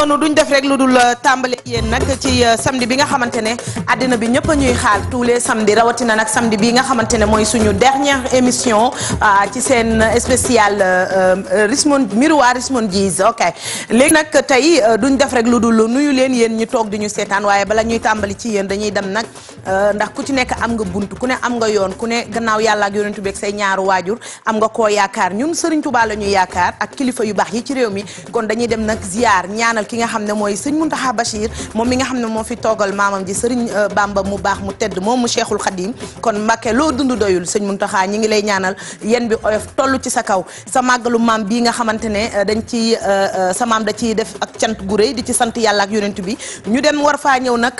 noonu duñ def rek lu dul euh, tàmbale yéen nag ci euh, samedi bi nga xamante ne àddina bi ñëpp ñuy xaar tous les samedi rawatina nag samedi bi nga xamante ne mooy suñu dernière émission euh, ci seen spécial Rismon miroir Rismonjis ok léegi nag tey duñ def rek lu dul nuyu leen yéen ñu toog di ñu seetaan waaye bala ñuy tàmbali ci yéen dañuy dem nag. Euh, ndax ku ci nekk am nga bunt ku ne am nga yoon ku ne gannaaw yàlla ak yonentu beeg say ñaaru waajur am nga koo yaakaar ñun Serigne Touba la ñuy yaakaar ak kilifa yu baax yi ci réew mi kon dañuy dem nag ziar ñaanal ki nga xam ne mooy sëñ Muntaxa Bachir moom mi nga xam ne moo fi toogal maamam ji Serigne euh, Bamba mu baax mu tedd moom mu Cheikhul Khadim kon Mbakke loo dund doyul sëñ Muntaxa ñi ngi lay ñaanal yéen bi oyof toll ci sa kaw sa màggalu maam bii nga xamante ne euh, dañ ci sa maam da ciy def ak cant gu rëy di ci sant yàlla ak yonent bi ñu dem war faa ñëw nag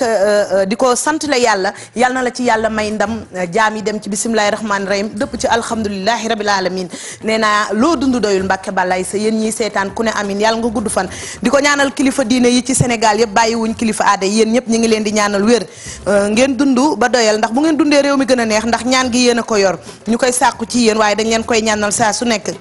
di ko sant la yàlla yal na la ci yàlla may ndam eh, jaam yi dem ci bisimilahi rahmaani rahim dëpp ci alhamdulilahi rabil alamin nee naa loo dund doyul mbàkke bàllaay sa yéen ñiy seetaan ku ne amin yàlla nga gudd fan di ko ñaanal kilifa diine yi ci Sénégal yëpp bàyyiwuñ kilifa aada yéen ñëpp ñu ngi leen di ñaanal wér eh, ngeen dund ba doyal ndax bu ngeen dundee réew mi gën a neex ndax ñaan gi yéen a ko yor ñu koy sàkku ci yéen waaye dañ leen koy ñaanal saa su nekk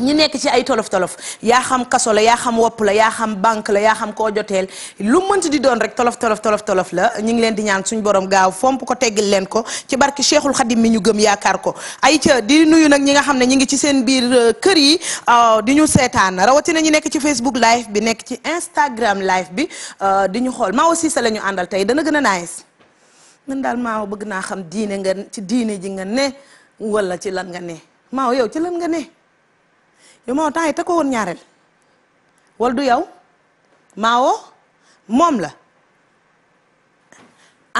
ñi nekk ci ay tolof tolof yaa xam kaso la yaa xam wopp la yaa xam banque la yaa xam koo joteel lu mënti di doon rek tolof tolof tolof tolof la ñu ngi leen di ñaan suñu borom gaaw fomp ko teggil leen ko ci barki cheikhul xadim mi ñu gëm yaakaar ko ay ca di nuyu nag ñi nga xam ne ñi ngi ci seen biir euh, kër yi ah, di ñu seetaan rawatina ñi nekk ci facebook live bi nekk ci instagram live bi ah, di ñu xool maa aussi sa la àndal tey dana gën a nice mën daal maa bëgg naa xam diine nga ci diine ji nga ne wala ci lan nga ne yow moo temps yi te woon ñaareel wala du yow maawo moom la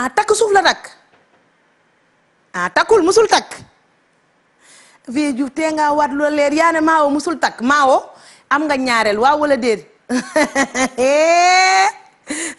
a takk suuf la takk a takkul musul takk vie ju tee ngaa waat lu leer yaa ne maawo musul takk maawo am nga ñaareel waaw wala déet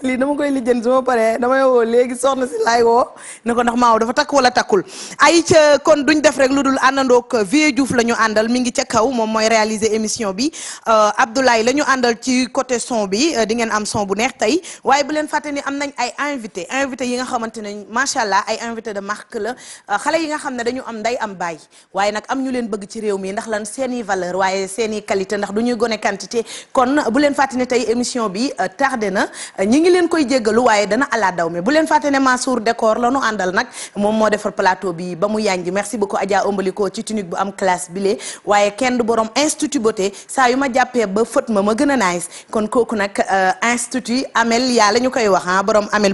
lii dama koy lijjanti su ma paree damay woo léegi soxna si laay woo ne ko ndax maaw dafa takk wala takkul ay ca kon duñ def rek lu dul àndandoog Vieux Diouf la ñu àndal mi ngi ca kaw moom mooy réaliser émission bi euh, Abdoulaye la ñu àndal ci côté son bi euh, di ngeen am son bu neex tey waaye bu leen fàtte ni am nañ ay invité invité yi nga xamante ne macha allah ay invité de marque la euh, xale yi nga xam ne dañu am nday am baay waaye nag am ñu leen bëgg ci réew mi ndax lan seeni valeur waaye seeni qualité ndax du gone quantité kon bu leen fàtte tey émission bi tardé na ñi ngi leen koy jéggalu waaye dana alaadaw daw mi bu leen fàtte ne Mansour décor la àndal nag moom moo defar plateau bi ba mu yànji merci beaucoup Adja Ombaliko ci tunique bu am classe bile waaye kenn du borom institut beauté saa yu ma jàppee ba fët ma gën a nice kon kooku nag euh, institut Amel yaa la ñu koy wax ah borom Amel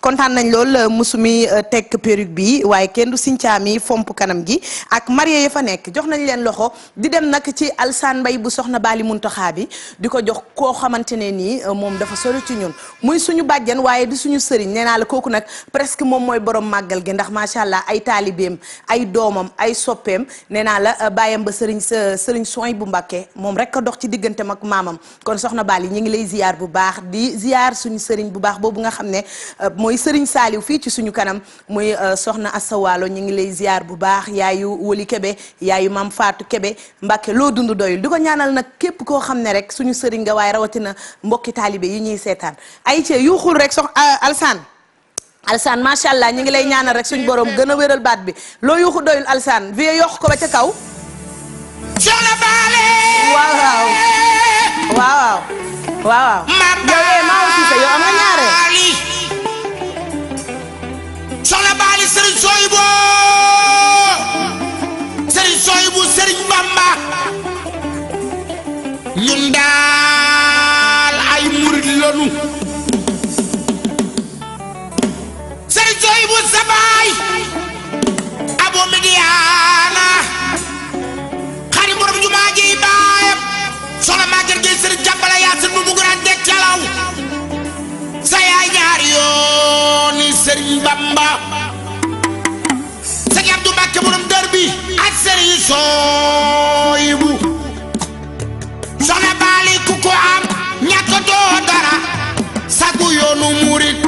kontaan nañ lool euh, musumi euh, tekk perruque bi waaye kenn du mi fomp kanam gi ak marié ya fa nekk jox nañ leen loxo di dem nag ci alsaan mbay bu soxna Baali Muntaxa bi di ko jox koo xamante ne nii moom dafa sori ci ñun muy suñu bàjjen waaye di suñu sëriñ nee naa la kooku nag presque moom mooy borom màggal gi ndax macha allah ay taalibeem ay doomam ay soppeem nee naa la euh, bàyyam ba sëriñ euh, sëriñ soñ bu Mbàkke moom rek a dox ci diggante ak maamam kon soxna Bali ñu ngi lay ziar bu baax di ziar suñu sëriñ bu baax boobu nga xam ne euh, mooy sëriñ Saaliw fii ci suñu kanam muy soxna Assawaalo ñu ngi lay ziar bu baax yaayu Woli Kebe yaayu maam Faatu Kebe Mbàkke loo dund doyul di ko ñaanal nag képp koo xam ne rek suñu sëriñ nga waaye rawatina mbokki taalibe yi ñuy seetaan ayca yuuxul rek sox ah, alsaan alsaan macha allah ñu ngi lay ñaanal rek suñ borom gën a wéral baat bi loo yuuxu doyul alsaan vie yokk ko ba ca kaw. soxna Baale. waaw waaw waaw ñun daal ay murid lanu wut sa baay abu midiyaana xari borom jumaa ji baayam soxna magar gi sëriñ jàppale yaasin bu buguraan de calaw sa yaay ñaari yooni sëriñ bamba sëñ abdu mbàkke borom dër bi ak sëriñ sooyibu soxna baali ku ko am ñàkk doo dara sagu yoonu murit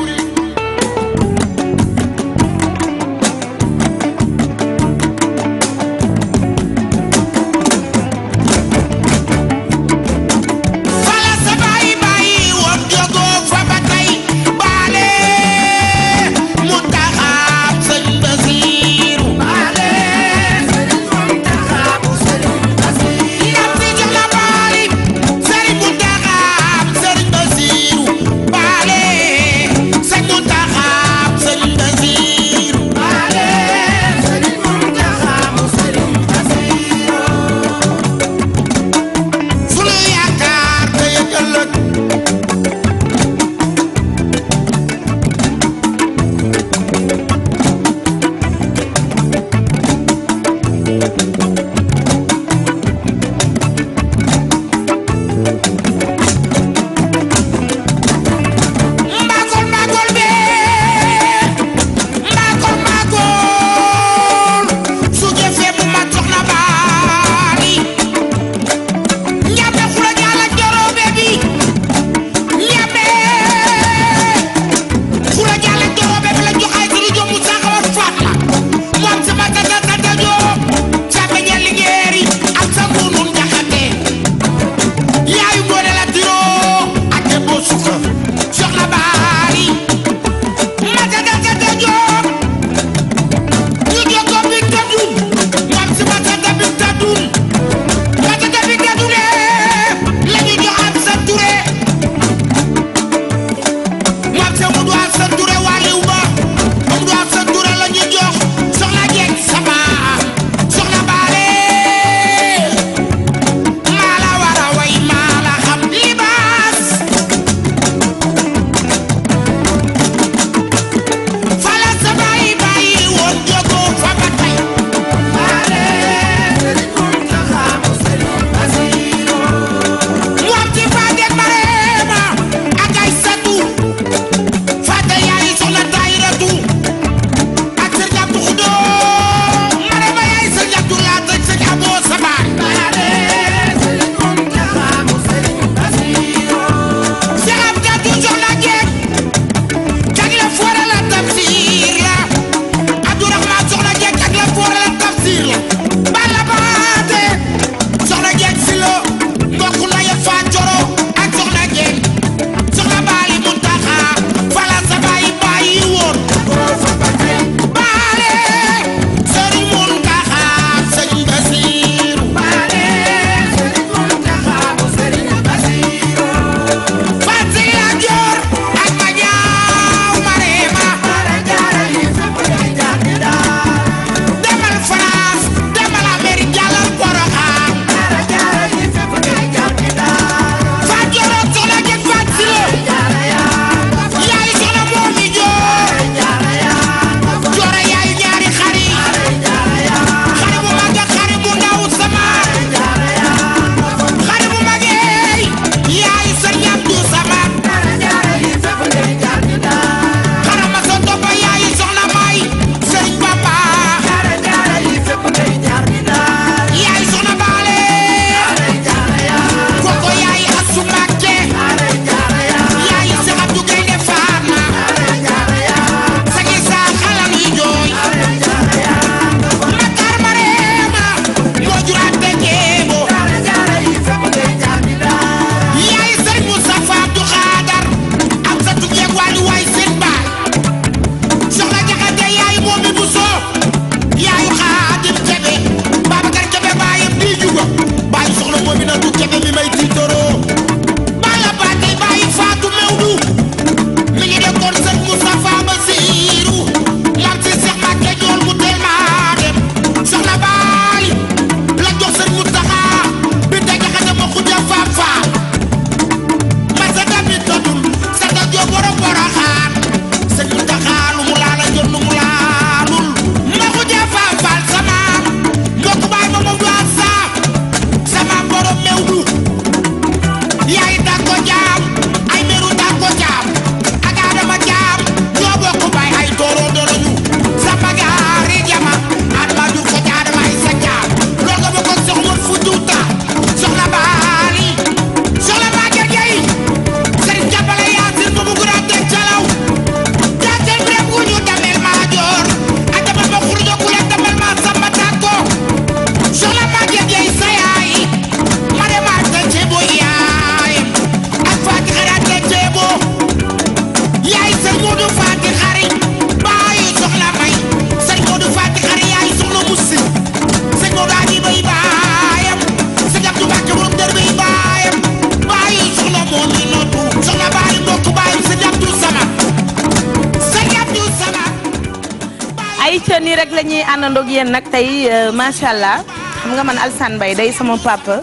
macha allah xam nga man Alsane Mbaye day sama papa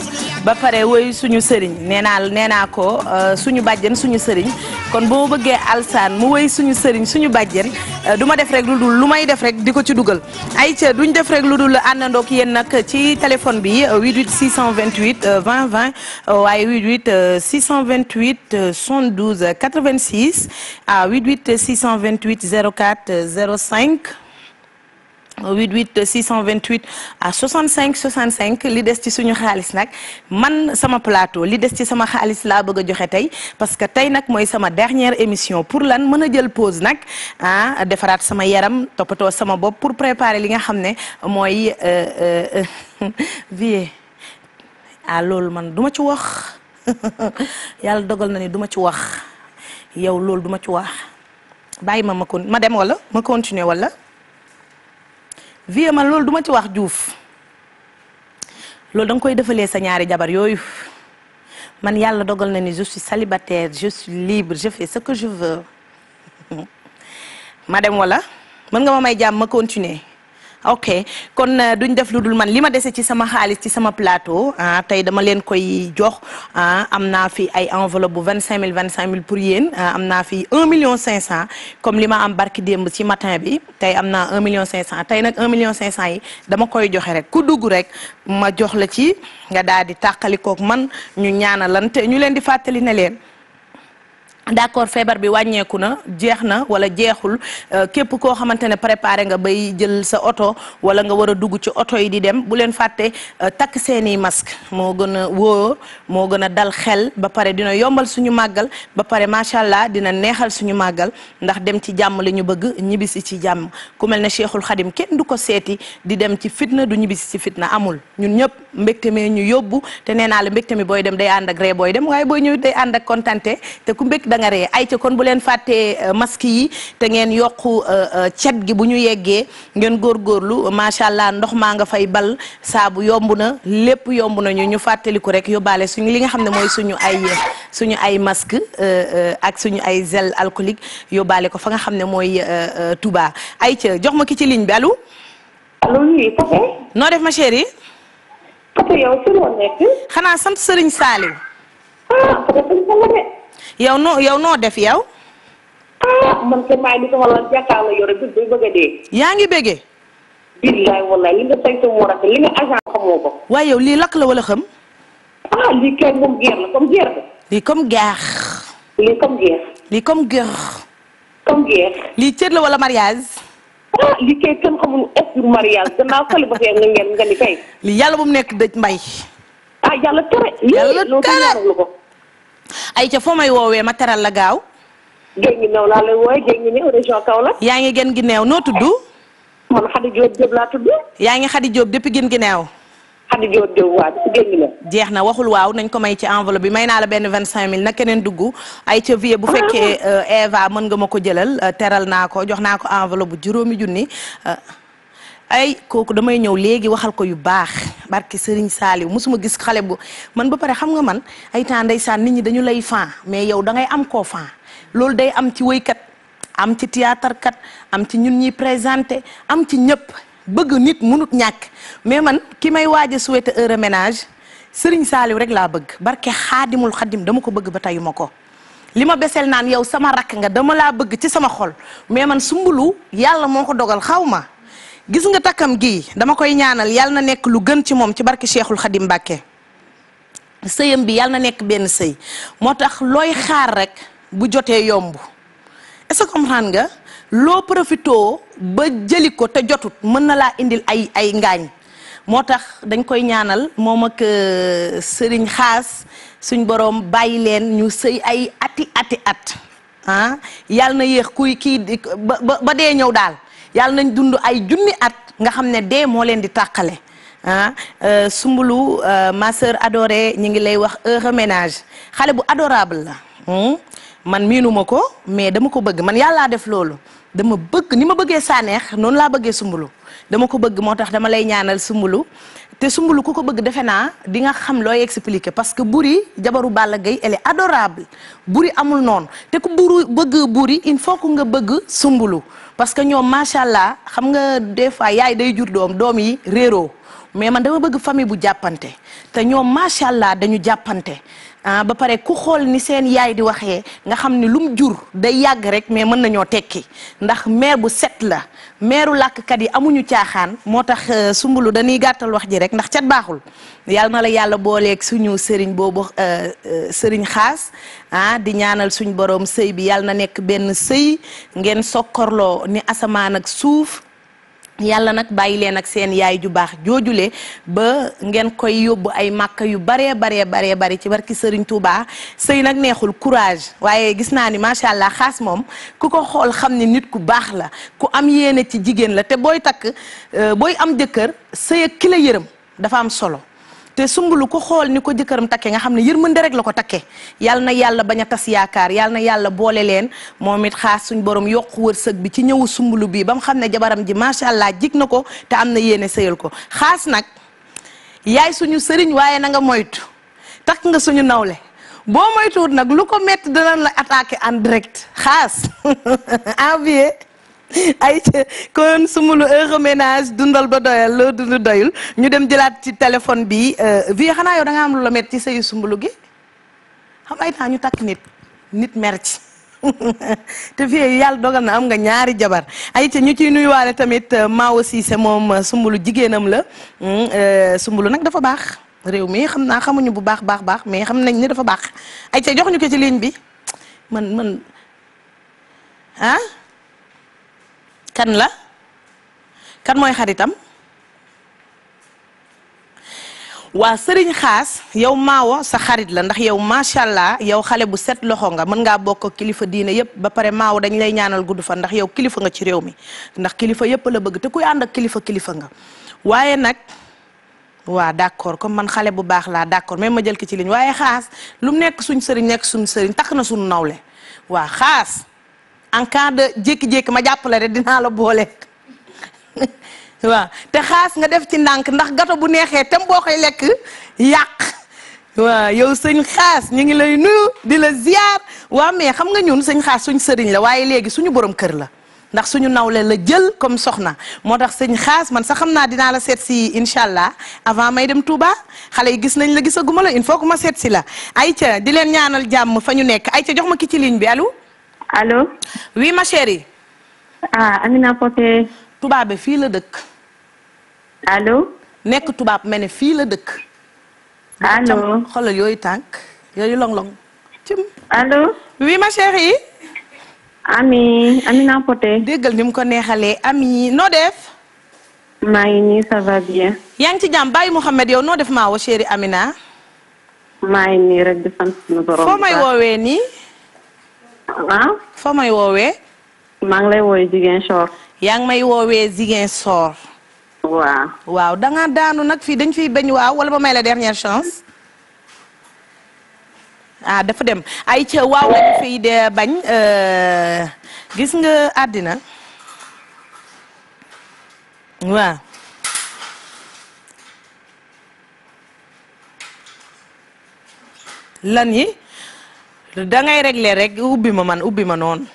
ba pare woy suñu sëriñ nee naa nee naa ko euh, suñu bàjjen suñu sëriñ kon boo ma bëggee Alsane mu woy suñu sëriñ suñu bàjjen euh, duma def rek lu dul lu may def rek di ko ci dugal. ay ca duñ def rek lu dul àndandoo ak yéen nag ci téléphone bi 88 628 20 20 waaye 88 628 72 86 ah 88 628 zéro 05. vingt 628 à 65 cinq li des ci suñu xaalis nag man sama plateau li des ci sama xaalis laa bëgg a joxe tey parce que tey nag mooy sama dernière émission pour lan mën a jël pause nag ah defaraat sama yaram toppatoo sama bopp pour préparer li nga xam ne mooy euh, euh, euh, vie ah loolu man duma ci wax yàlla dogal na ni duma ci wax yow loolu duma ci wax bàyyi ma ma kon ma dem wala ma continuer walla vie man loolu duma ci wax juuf loolu da koy defalee sa ñaari jabar yooyu man yàlla dogal na ni je suis célibataire je suis libre je fais ce que je veux ma dem wala mën nga ma may jàmm ma continuer ok kon euh, duñ def lu dul man li ma dese ci sama xaalis ci sama plateau ah, tey dama leen koy jox ah am naa fi ay enveloppe bu vingt cinq mille vingt cinq mille pour yéen ah, am naa fi un million cinq cent comme li ma am barki démb ci matin bi tey am na un million cinq cent tey nag million cinq cent yi dama koy joxe rek ku dugg rek ma jox la ci nga daal di tàqalikook man ñu ñaana ñaanalante ñu leen di fàttali ne leen d'accord feebar bi wàññeeku na jeex na wala jeexul euh, képp koo xamante ne préparé nga bay jël sa oto wala nga war a dugg ci oto yi di dem bu leen fàtte euh, takk seeni masque moo gën a wóor moo gën a dal xel ba pare dina yombal suñu màggal ba pare macha allah dina neexal suñu màggal ndax dem ci jàmm li ñu bëgg ñibbisi ci jàmm ku mel ne Cheikhul Khadim kenn du ko seeti di dem ci fitna du ñibbisi ci fitna amul ñun ñëpp mbégte mi ñu yóbbu te nee naa la mbégte mi booy dem day ànd ak booy dem nga ay ca kon bu leen fàttee euh, masque yi te ngeen yokku euh, euh, cet gi bu ñu yeggee ngeen góor góorgóorlu macha allah ndox maa nga fay bal saabu yomb na lépp yomb na ñu ñu fàttaliku rek yóbbaale suñu li nga xam ne mooy suñu ay suñu ay masque ak suñu ay gel alcoolique yóbbaale ko fa nga xam ne mooy Touba ay ca jox ma ki ci ligne bi allo. allo oui Fatou. noo def ma chérie. yow noo yow noo def yow. man kay maa ngi sama lan jàkkaarloo yore bi bay bëgg dee. yaa ngi bëggee. billaay wallaay li nga saytu li nga agent xamoo ko. waaye yow lii lakk la wala xam. ah lii kay moom geer la comme geer la. lii comme geer. lii comme geer. lii comme geer. comme geer. la wala mariage. ah lii kenn xamul est ce mariage gannaaw kële ba fee nga ngeen nga ni kay. yàlla bu mu nekk dëj mbay. Ah, yàlla tere. yàlla tere ayca foo may woowee ma teral la gaaw. géej gi néew laa lay woowee géej gi néew région Kaolack. yaa ngi gën gi néew noo tudd. yaa ngi Khady Diop depuis gën gi néew. jeex na waxul waaw nañ ko may ci enveloppe bi may naa la benn vingt cinq mille na keneen dugg ayca vie bu fekkee euh, Eva mën nga ma ko jëlal euh, teral naa ko jox naa ko enveloppe bu juróomi junni. Euh, ay kooku damay ñëw léegi waxal ko yu baax barki Serigne Saliou mosuma gis xale bu man ba pare xam nga man ay temps ndeysaan nit ñi dañu lay fan mais yow dangay am koo fan loolu day am ci woykat am ci théâtre kat am ci ñun ñuy présenté am ci ñëpp bëgg nit munut ñàkk mais man ki may waaj a souhaité heure ménage Serigne Saliou rek laa bëgg barke xaadimul xadim dama ko bëgg ba teyuma ko li ma beseel naan yow sama rakk nga dama laa bëgg ci sama xol mais man moo ko dogal xaw ma gis nga takkam gi dama koy ñaanal yàlla na nekk lu gën ci moom ci barke Cheikhul Khadim Mbacke sëyam bi yàlla na nekk benn sëy moo tax looy xaar rek bu jotee yomb est-ce que nga loo profitoo ba jëli ko te jotut mën na laa indil ay ay ngaañ moo tax dañ koy ñaanal moom ak euh, sëriñ xaas suñ borom bàyyi leen ñu sëy ay ati ati at ah na yéex kuy kii ba ba dee ñëw daal yàlla nañ dund ay junni at nga xam ne dee moo leen di tàqale ah euh, Sumbulu euh, ma sœur adorée ñu ngi lay wax heureux ménage xale bu adorable la hmm? man miinuma ko mais dama ko bëgg man yàlla def loolu dama bëgg ni ma bëggee Saneex noonu laa bëggee Sumbulu dama ko bëgg moo tax dama lay ñaanal Sumbulu te Sumbulu ku ko bëgg defe naa di nga xam looy expliquer parce que Buri jabaru Balla Gaye elle est adorable Buri amul noonu te ku buru bëgg Buri il faut que nga bëgg Sumbulu parce que ñoom macha allah xam nga des fois yaay day jur doom doom yi réeroo mais man dama bëgg famille bu jàppante te ñoom macha allah dañu jàppante. ah ba pare ku xool ni seen yaay di waxee nga xam ni lum jur day yàgg rek mais mën nañoo tekki ndax mère bu set la meeru làkkat yi amuñu caaxaan moo tax euh, sumbulu dañuy gàttal wax ji rek ndax cat baaxul yàlla na la yàlla booleeg suñu sëriñ boobu euh, euh, sëriñ xaas ah di ñaanal suñ borom sëy bi yàlla na nekk benn sëy ngeen sokkorloo ni asamaan ak suuf yàlla nag bàyyi leen ak seen yaay ju baax joojule ba ngeen koy yóbbu ay màkk yu baree baree baree bari ci barki Serigne Touba sëy nag neexul courage waaye gis naa ni macha allah xaas moom ku ko xool xam ni nit ku baax la ku am yéene ci jigéen la te booy takk euh, booy am jëkkër sëy ak ki la yërëm dafa am solo. te sumbulu ko xool ni ko jëkkëram takke nga xam ne yërmande rek la ko takke yàlla na yàlla bañ a tas yaakaar yal na yàlla boole leen moom it xaas suñ boroom yokk wërsëg bi ci ñëwu sumbulu bi ba mu xam ne jabaram ji macha allah jig na ko te am na yéene sëyal ko xaas nag yaay suñu sëriñ waaye na nga moytu takk nga suñu nawle boo moytuwut nag lu ko métti danañ la attaqué en direct xaas envier ay kon sumulu heure ménage dundal ba doyal loo dund doyul ñu dem jëlaat ci téléphone bi euh, vie xanaa yow da am lu la met ci sëyu sumbulu gi xam ay temps ñu takk nit nit mer te fii yàlla dogal na am nga ñaari jabar ay ca ñu ciy nuyuwaale tamit euh, Mawo Cissé moom euh, sumbulu jigéenam la hmm, sumbulu nag dafa baax réew mi xam naa xamuñu bu baax baax baax mais xam nañ ni dafa baax ay jox ñu ko ci ligne bi man man ah? kan la kan mooy xaritam waa sëriñ xaas yow maawo sa xarit la ndax yow macha allah yow xale bu set loxo nga mën ngaa bokk kilifa diine yëpp ba pare maawo dañ lay ñaanal gudd fan ndax yow kilifa nga ci réew mi ndax kilifa yëpp la bëgg te kuy ànd ak kilifa kilifa nga waaye nag waa d'accord comme man xale bu baax laa d'accord mais ma jël ki ci liñ waaye xaas lu nekk suñ sëriñ nekk suñ sëriñ takk na suñ nawle waa xaas en cas de jékki-jékki ma jàppale rek dinaa la boole waaw te xaas nga def ci ndànk ndax gato bu neexee tam boo koy lekk yàq waaw yow sëñ xaas ñu ngi lay nuyu di la ziar waaw mais xam nga ñun sëñ xaas suñ sëriñ la waaye léegi suñu borom kër la ndax suñu nawle la jël comme soxna moo tax sëñ xaas man sax xam naa dinaa la seet si incha allah avant may dem Touba xale yi gis nañ la gisaguma la il faut ma seet si la ayca di leen ñaanal jàmm fa ñu nekk ayca jox ma ki ci ligne bi allo. alo oui ma chérie. ah Amina Poté. tubaab bi fii la dëkk. allo. nekk tubaab mel ne fii la dëkk. allo xoolal yooyu tànk yooyu long-long. cim allo. oui ma chérie. ami Amina Poté. déggal ni mu ko neexalee ami noo def. maa ngi nii ça ci jàmm Baye noo def maa woo Amina. maa ngi nii rek di sant suñu borom. foo may woowee nii. ah. foo may woowee. maa ngi lay woowee Ziguinchor. yaa ngi may woowee Ziguinchor. waaw. waaw da daanu nag fii dañ fiy bañ waaw wala ba may la dernière chance. ah dafa dem ay ca waaw lañu fiy de bañ euh, gis nga àddina waaw. lan yi. da ngay régler rek ubbi ma man ubbi ma noonu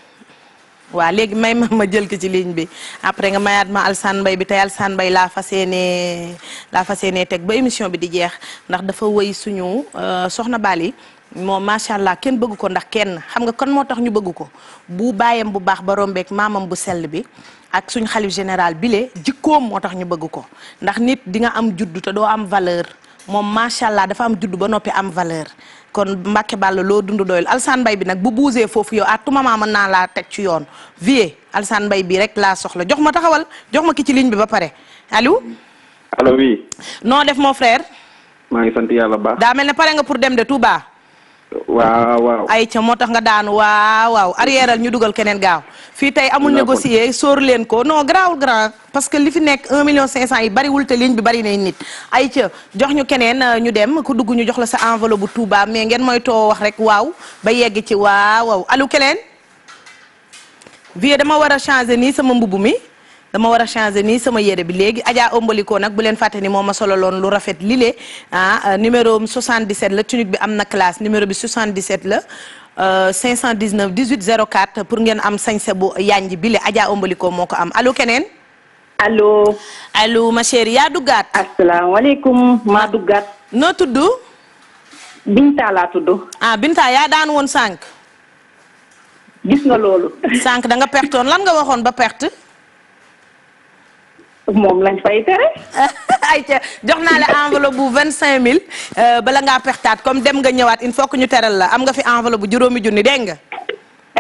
waa léegi may ma ma jël ko ci ligne bi après nga mayaat ma alsan mbay bi tey alsan mbay laa fas yéenee laa fas yéenee teg ba émission bi di jeex ndax dafa woy suñu euh, soxna Bali moom macha allah kenn bëggu ko ndax kenn xam nga kon moo tax ñu bëgg ko bu baayam bu baax ba rombeek maamam bu sell bi ak suñu xalif général bile jikkoom moo tax ñu bëgg ko ndax nit di nga am juddu te doo am valeur moom macha allah dafa am juddu ba noppi am valeur. kon Mbacke Balla loo dund doyul Alsaan Mbay bi nag bu buusee foofu yow a tout moment mën naa laa teg ci yoon vie Alsaan Mbay bi rek laa soxla jox ma taxawal jox ma ki ci ligne bi ba pare allo. noo def mon frère. maa ngi sant yàlla daa mel ne pare nga pour dem de Touba. waaw waaw ay ca moo tax nga daanu waaw waaw arrièreal ñu dugal keneen gaaw fii tey amul négocier sóor leen ko non garaawul grand parce que li fi nekk 1 million 500 yi bariwul te ligne bi bari nay nit ay ca jox ñu keneen euh, ñu dem ku dugg ñu jox la sa enveloppe bu Touba mais ngeen mooy too wax rek waaw ba yegg ci waaw waaw alu keneen vie dama war a changer nii sama mbubb mi dama war a changer nii sama yére bi léegi Adja ombalikoo nag bu leen fàtte ni moo ma sololoon lu rafet lile ah euh, numéro 77 la tunique bi am na classe numéro bi 77 la. 519 18 04 pour ngeen am sañse bu yanj bi le ajaa ombalikoo moo ko am allo keneen. allo. allo ma chérie yaa duggaat. asalaamaaleykum maa duggaat. noo tudd. Binta laa tudd. ah Binta yaa daan woon sànq. gis nga loolu. sànq danga pertoon lan nga waxoon ba perte. moom lañ fay tere. ca jox naa la enveloppe bu vingt cinq mille euh, bala nga pertaat comme dem nga ñëwaat il faut que ñu teral la am nga fi enveloppe bu juróomi junni dégg nga.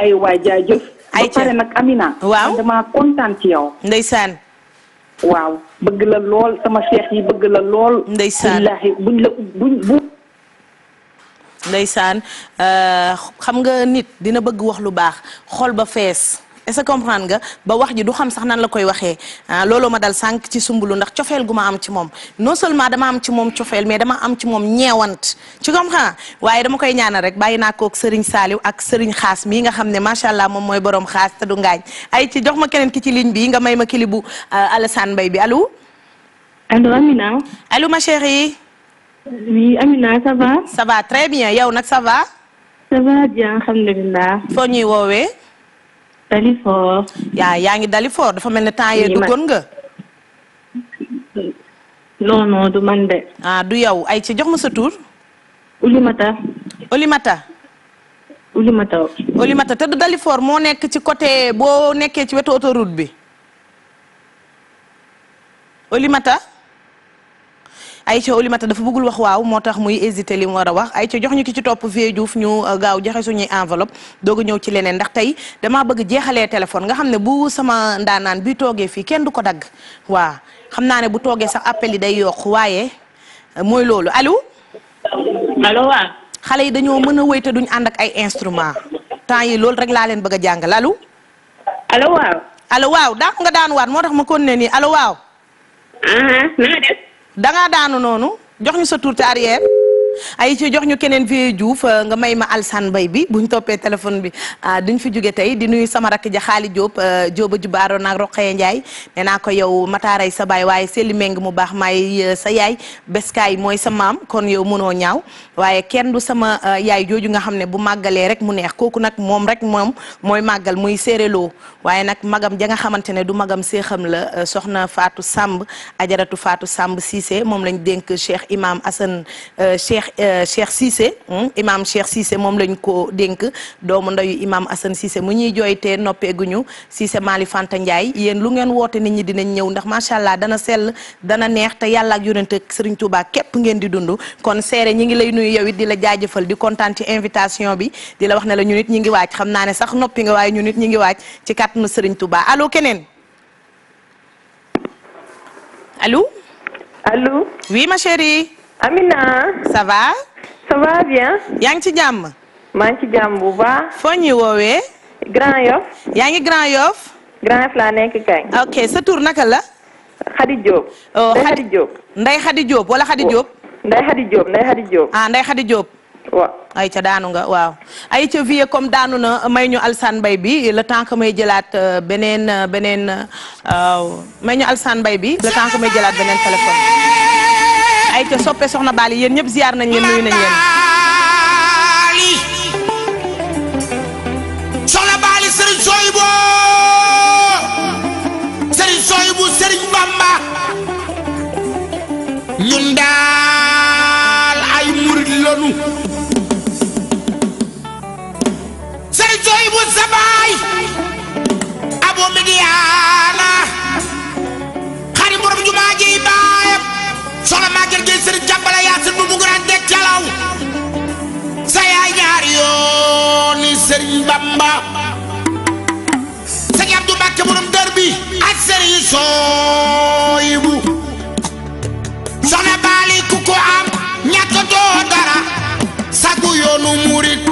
ay waay jaajëf. ayca ba pare nag Amina. waaw kontaan ci yow. ndeysaan. waaw bëgg la lool sama cheikh yi bëgg la lool. ndeysaan billaahi euh, xam nga nit dina bëgg wax lu baax xol ba fees. est-ce que nga ba wax ji du xam sax nan la koy waxee ah looloo ma dal sànq ci sumbulu ndax cofeel gu ma am ci moom non seulement dama am ci moom cofeel mais dama am ci moom ñeewant ci comprendre waaye dama koy ñaanal rek bàyyi naa kook Serigne Saliou ak sëriñ Xaas mii nga xam ne macha allah moom mooy borom xaas te du ngaañ ay ci jox ma keneen ki ci ligne bi nga may ma kili bu euh, Alassane bi allo. allo Amina. allo ma chérie. oui Amina ça va. ça bien yow nag ça va. ça va Dalifort. yaa yaa ngi Dalifort dafa mel ne temps yee duggoon nga. non du man de. ah du yow ay ci jox ma sa tur. Oulimata. Oulimata. Oulimata. Oulimata te du Dalifort moo nekk ci côté boo nekkee ci wetu autoroute bi Oulimata. ay Aïcha Oulimata dafa bëggul wax waaw moo tax muy hésité li mu war a wax Aïcha jox ñu ki ci topp Vieux Diouf ñu euh, gaaw joxe suñuy enveloppe doog a ñëw ci leneen ndax tey damaa bëgg jeexalee téléphone nga xam ne bu sama ndaanaan bi toogee fii kenn du ko dagg waa xam naa ne bu toogee sax appel yi day yokk waaye euh, mooy loolu alo allo waaw. xale yi dañoo mën a woyta te duñ ànd ak ay instrument temps yi loolu rek laa leen bëgg a jàngal allo. waaw. allo waaw nga daan moo tax ma kon ne nii allo waaw. Ah, dangaa daanu noonu jox ñu sa tour ci ay ci jox ñu keneen Vieux Diouf euh, nga may ma Alsane Mbaye bi buñ toppee téléphone bi ah, duñ fi jóge tey di nuyu sama rakk ja xaali Diop euh, Diop ju o naag Roqaya Ndiaye nee naa ko yow mataaray sa baay waaye Seli Meng mu baax maay euh, sa yaay beskaay mooy sa maam kon yow mënoo ñaaw waaye kenn du sama yaay jooju nga xam ne bu màggalee rek mu neex kooku nag moom rek moom mooy màggal muy séeréloo waaye nag magam ja nga xamante ne du magam séexam la soxna faatu sàmb ajaratu Fatou Samb Cissé moom lañ dénk Cheikh Imam Assane Cheikh Cheikh euh, Cheikh Cissé hmm, imam Cheikh Cissé moom lañ ko dénk doomu ndeyu imam Assane Cissé mu ñuy jooytee noppeeguñu Cissé Mali Fanta Ndiaye yéen lu ngeen woote nit ñi dinañ ñëw ndax macha allah dana sell dana neex te yàlla ak yonent ak Serigne képp ngeen di dund kon seere ñi ngi lay nuyu yow it di la jaajëfal di kontaan ci invitation bi di la wax ne la ñu nit ñi ngi waaj xam naa ne sax noppi nga waaye ñu nit ñi ngi waaj ci kàttanu Serigne Touba allo keneen allo. allo. Amina. ça va. bien. yaa ngi ci jàmm. maa ngi ci jàmm bu baax. foo ñuy woowee. Grand Yoff. yaa ngi Grand Yoff. Grand Yoff laa nekk kañ. ok sa tur naka la. Khady Diop. o oh, Ndeye Khady Diop. Ndeye Khady Diop wala Khady Diop. Ndeye Khady Diop ah, daanu nga waaw ay ca vie comme daanu na may ñu alsaan mbay bi la euh, euh, euh, temps que may jëlaat beneen beneen may ñu alsaan mbay bi la temps may jëlaat beneen téléphone. ay ca soppe soxna Bali yéen ñëpp ziar nañ leen nuyu nañ leen. soxna Bali Serigne Soyiboo Serigne Soyiboo Serigne Bamba ñun daal ay murid lanu Serigne Soyiboo sa baay Abo Média yaasin bu bugg rek deg sa yaay ñaari yooni Sëriñ Bamba sëñ Abdou Mbàkke borom dër bi ak Sëriñ Sooyibu soxna Baali ku ko am ñàkk doo dara sagu yoonu murit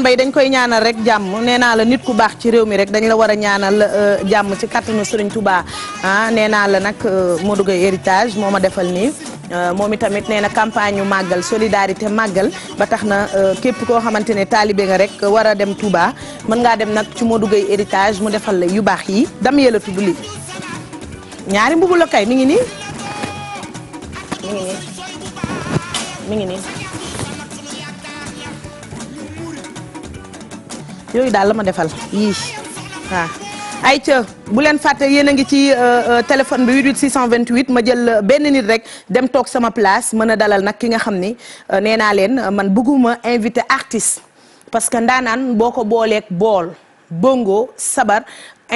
mbay dañ koy ñaanal rek jàmm nee naa la nit ku baax ci réew mi rek dañ la war a ñaanal euh, jàmm ci kattanu Serigne Touba ah nee naa la nag euh, Modou Gueye héritage moo ma defal nii euh, moom itamit nee na campagne yu màggal solidarité màggal ba tax na képp koo xamante ne taalibe nga rek war a dem Touba mën ngaa dem nag ci Modou Gueye héritage mu defal la yu baax yi dam yee la tudd lii ñaari mbubu la kay mi ngi nii mu ngi ngi nii yooyu daal la ma defal yii waaw ay ca bu leen fàtte yéen a ngi ci euh, euh, téléphone bi 88 628 ma jël euh, benn nit rek dem toog sama place mën a dalal nag ki nga xam ni nee naa leen man bugguma invité artiste parce que ndaanaan boo ko booleeg bool bongo sabar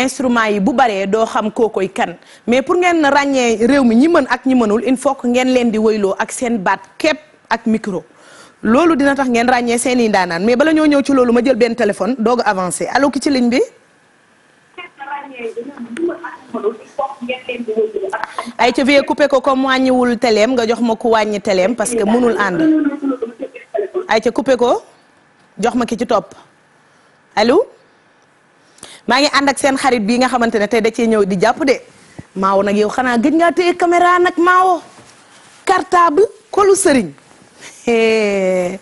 instrument yi bu baree doo xam koo koy kan mais pour ngeen ràññee réew mi ñi mën ak ñi mënul il faut que ngeen leen di woyloo ak seen baat képp ak micro loolu dina tax ngeen ràññee seen i ndaanaan mais bala ñoo ñëw ci loolu ma jël benn téléphone doog a avancé allo ki ci ligne bi. ay ca vie coupé ko comme wàññiwul teleem nga jox ma ku wàññi teleem parce que mënul ànd ay ca coupé ko jox ma ki ci topp allo maa ngi ànd ak seen xarit bii nga xamante ne tey da cee ñëw di jàpp de maawo nag yow xanaa gëj ngaa téye caméra nag maawo cartable kolu sëriñ Eh,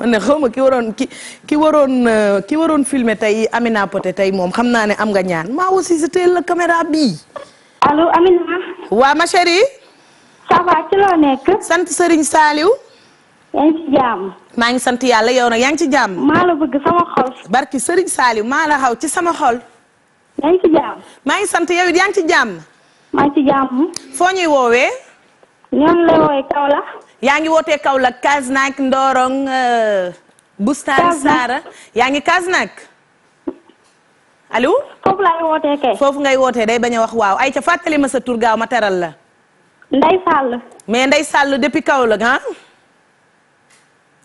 man ne ki waroon ki ki waroon eh, ki waroon filmer tey Amina Poté tey moom xam naa ne am nga ñaan maa aussi si teel la caméra bii. allo Amina. waa ma chérie. ci loo nekk. sant sëriñ saaliw yaa ngi ci jàmm. maa sant yàlla yow nag yaa ngi ci jàmm. maa la bëgg sama xol. barki Serigne Saliou maa la xaw ci sama xol. yaa ngi ci jàmm. maa ngi sant yow it yaa ngi ci jàmm. maa ngi ci jàmm. foo ñuy woowee. ñoom la woowee Kaolack. yaa ngi wootee Kaolack Kasnack Ndorong euh, Boustane Sara yaa ngi Kasnack allo. foofu laay wootee kay. foofu ngay wootee day bañ a wax waaw ay ca fàttali ma sa tur gaaw ma teral la. Ndeye Sall. mais Ndeye Sall depuis Kaolack ah.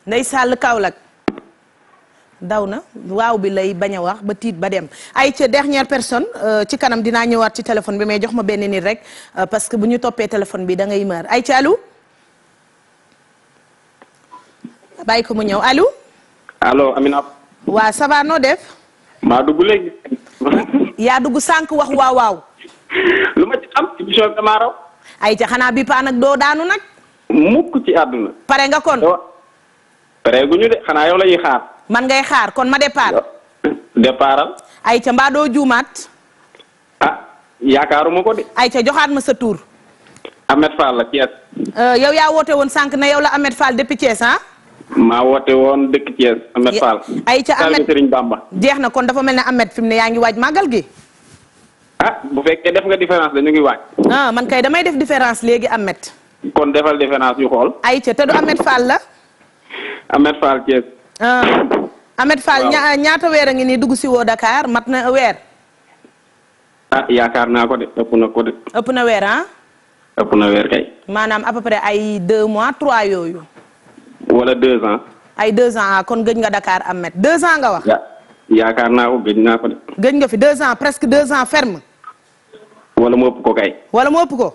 Ndeye Sall Kaolack. daw na waaw bi lay bañ a wax ba tiit ba dem ay ca dernière personne euh, ci kanam dinaa ñëwaat ci téléphone bi mais jox ma benn nit rek euh, parce que bu ñu toppee téléphone bi da ngay maar ay ca allo. bàyyi ko mu ñëw allo. Amina. waa ça va noo def. maa dugg léegi. yaa dugg sànq wax waaw waaw. lu ma ci am émission bi damaa raw. xanaa bi doo daanu nag. mukk ci àdduna. pare nga kon. pare gu de xanaa yow la ñuy xaar. man ngay xaar kon ma départ. départal. ay ca mbaa doo juumaat. ah yaakaaruma ko de. ay ca joxaat ma sa tur. Ahmed Fall la Thiès. Euh, yow yaa woote woon sànq ne yow la Ahmed Fall depuis Thiès ah? maa woote woon dëkk Thiès Ahmed Fall. ay ca Ahmed Serigne jeex na kon dafa mel ne Ahmed fi mu ne yaa ngi waaj màggal gi. ah bu fekkee def nga différence dañu ngi waaj. ah man kay damay def différence léegi Ahmed. kon defal différence yu xool. ay ca te du Ahmed Fall la. Ahmed Fall Thiès. ah Ahmed ñaata weer a ngi nii dugg si woo Dakar mat na weer. ah yaakaar naa ko de ëpp na ko de. ëpp na weer ah. ëpp na weer kay. maanaam à peu ay deux mois trois yooyu. wala deux ans. ay deux ans ah kon gëj nga Dakar Ahmed deux ans nga wax. yaakaar naa ko gëj naa nga fi deux ans presque deux ans ferme. wala mu ëpp ko kay. wala mu ëpp ko.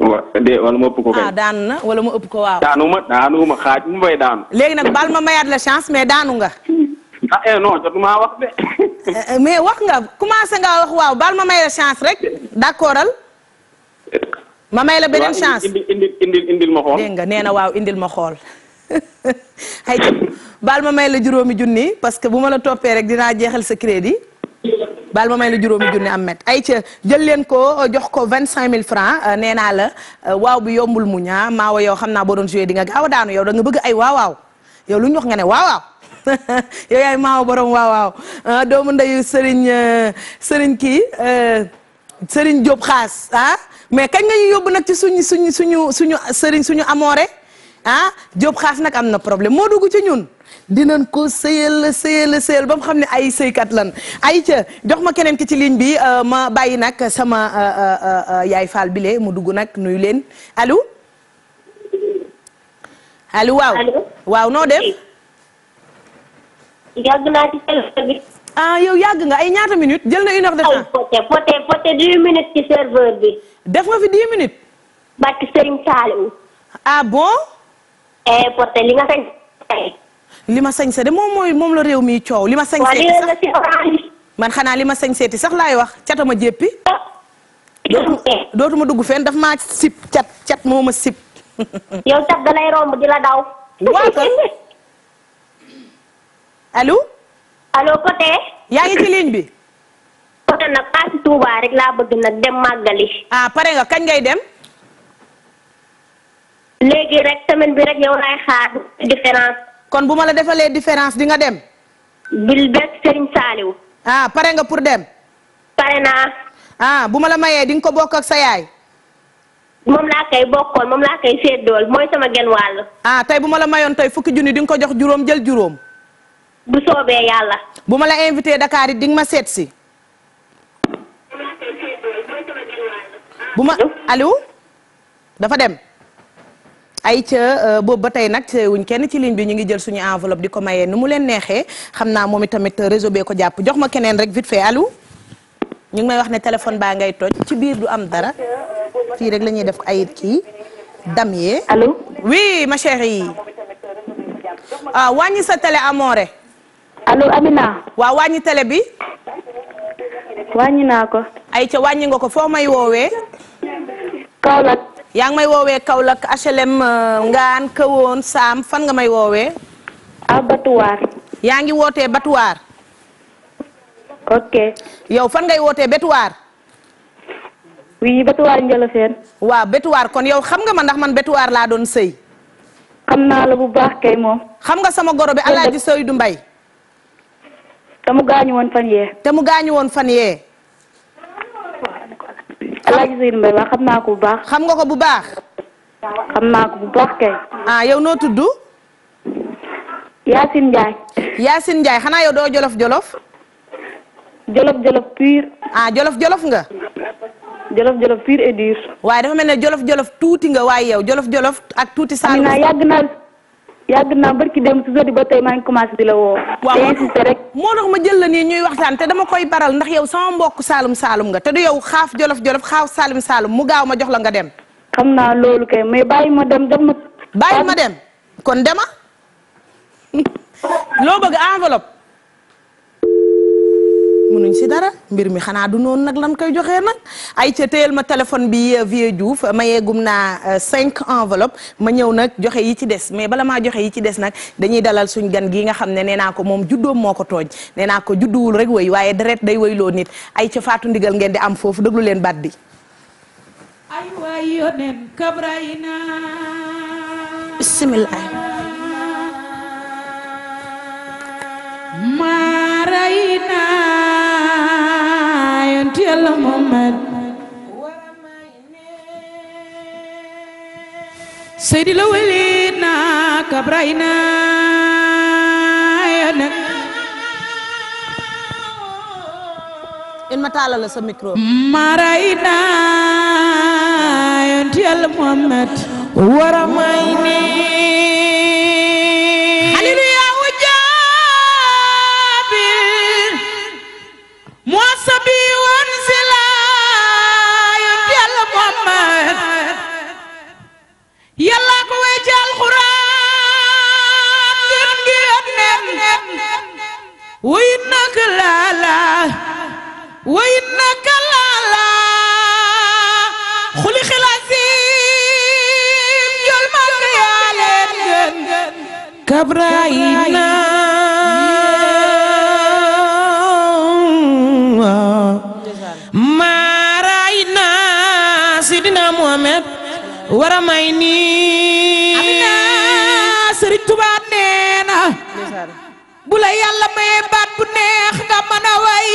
wala mu ko kay. ah daanu na wala mu ëpp ko waaw. daanu ma daanu xaaj mu bay daanu. léegi nag bal ma mayaat la chance mais daanu nga. ah eh non jotuma wax eh, eh, mais wax nga commencé nga wax waaw bal ma may la chance rek d'accordal ma may la beneen chance. indi indi indil ma xool. dégg nga nee na waaw indil ma xool. ay baal ma may la juróomi junni parce que bu ma la toppee rek dinaa jeexal sa crédit baal ma may la juróomi junni am met ay jël leen ko jox ko vingt cinq mille francs euh, nee naa la euh, waaw bi yombul mu ñaa maawa yow xam naa boo doon joué di nga gaaw a daanu yow da nga bëgg ay waaw waaw yow lu ñu nga ne waaw waaw yow yaay maawa borom waaw waaw ah, doomu ndeyu Serigne euh, Serigne kii Serigne Diop xaas ah mais kañ nga ñu yóbbu nag ci suñu suñu suñu suñu Serigne suñu amoore ah Diop xaas nag am na problème moo dugg ci ñun dinañ ko sëyal sëyal sëyal ba mu xam ne ay sëykat lan ay ca jox ma keneen ki ci ligne bi euh, ma bàyyi nag sama euh, euh, yaay Fall bile mu dugg nag nuyu leen allo allo waaw. noo def. yàgg naa ci serveur ah, nga ay ñaata minutes jël na une def nga fi dix minutes. barke Serigne Saliou. ah bon. importé li nga sañ li ma sañ sa de moom mooy moom la réew mi coow li ma sañ seeti sax man xanaa li ma sañ seeti sax laay wax catama jéppi dootuma dugg fenn daf maa sip cat cat moo ma sip yow cat da lay romb di la daw waa ko allo yaa ngi ci ligne bi Poté nag paas Touba rek laa bëgg nag dem màggali ah pare nga kañ ngay dem léegi rek semaine bi rek yow laay xaar différence. kon bu ma la defalee différence di nga dem. bil bés Serigne Saliou. ah pare nga pour dem. pare naa. ah bu ma la mayee di nga ko bokk ak sa yaay. moom laa koy bokkoon moom laa koy séddool mooy sama gen wàll. ah tey bu ma la mayoon tey fukki junni di nga ko jox juróom jël juróom. bu soobee yàlla. bu ma la invité Dakar it di ma seet bu ma allo dafa dem. ay ca euh, boobu ba tey nag wuñ kenn ci ligne bi ñu ngi jël suñu enveloppe di ko maye nu mu leen neexee xam naa moom itamit réseau bee ko jàpp jox ma keneen rek vite fait ñu ngi may wax ne téléphone baa ngay toj ci biir du am dara fii rek lañuy ñuy def ay kii dam yee allo ma chérie yi ah wàññi sa télé amoore allo Amina waaw wàññi tele bi wàññi naa ko ay ca wàññi nga ko foo may woowee yaa ngi may woowee Kaolack HLM uh, Ngaan Këwoon Saam fan nga may woowee. a ah, Batuwaar. yaa ngi wootee Batuwaar. ok. yow fan ngay wootee Betuwaar. oui Betuwaar Njëlafeen. waaw Betuwaar kon yow xam nga ma ndax man Betuwaar laa doon sëy. xam naa la bu baax kay moom. xam nga sama goro bi Alaaji Seydou Mbaye. te mu gaañu te mu gaañu woon fan yee. Alaaji Seydou Mbaye waaw xam naa ko bu baax. xam nga ko bu baax. xam naa ko bu baax kay. ah yow noo tudd. Yacine Ndiaye. Yacine xana xanaa yow doo jolof jolof. jolof jolof pur. Ah, jolof jolof nga. jolof jolof piir et dur. waaye mel ne jolof jolof tuuti nga waaye yow jolof jolof ak tuuti. Saalum Amina yàgg yàgg naa barki dem su jodi ba tey maa ngi commencé di la woo. rek. moo tax ma jël la nii ñuy waxtaan te dama koy baral ndax yow sama mbokk Saalum Saalum nga te du yow xaaf jolof jolof xaaf Saalum Saalum mu gaaw ma jox la nga dem. xam naa loolu kay mais bàyyi ma dem dem ma. bàyyi ma dem kon dema loo bëgg enveloppe. nuñ ci dara mbir mi xanaa du noonu nag lan koy joxee nag. ay ca téyel ma téléphone bi euh, Vieux Diouf mayeegum naa euh, cinq enveloppe ma ñëw nag joxe yi ci des mais bala maa joxe yi ci des nag dañuy dalal suñ gan gi nga xam ne nee naa ko moom juddoom moo ko tooñ nee naa ko judduwul rek woy waaye deret day woyloo nit ay ca faatu ndigal ngeen di am foofu déglu leen baat bi ay waay yonen kabrayna bismillah la Muhammad Seydi la weli na kabray na ya nak in ma taala la sa micro maray na yonti Yàlla Muhammad waramay ni كبراينا ما راينا سيدنا محمد ورمايني أبدا سريت بانينا بلا يالا ما يبات بنيخ دمنا واي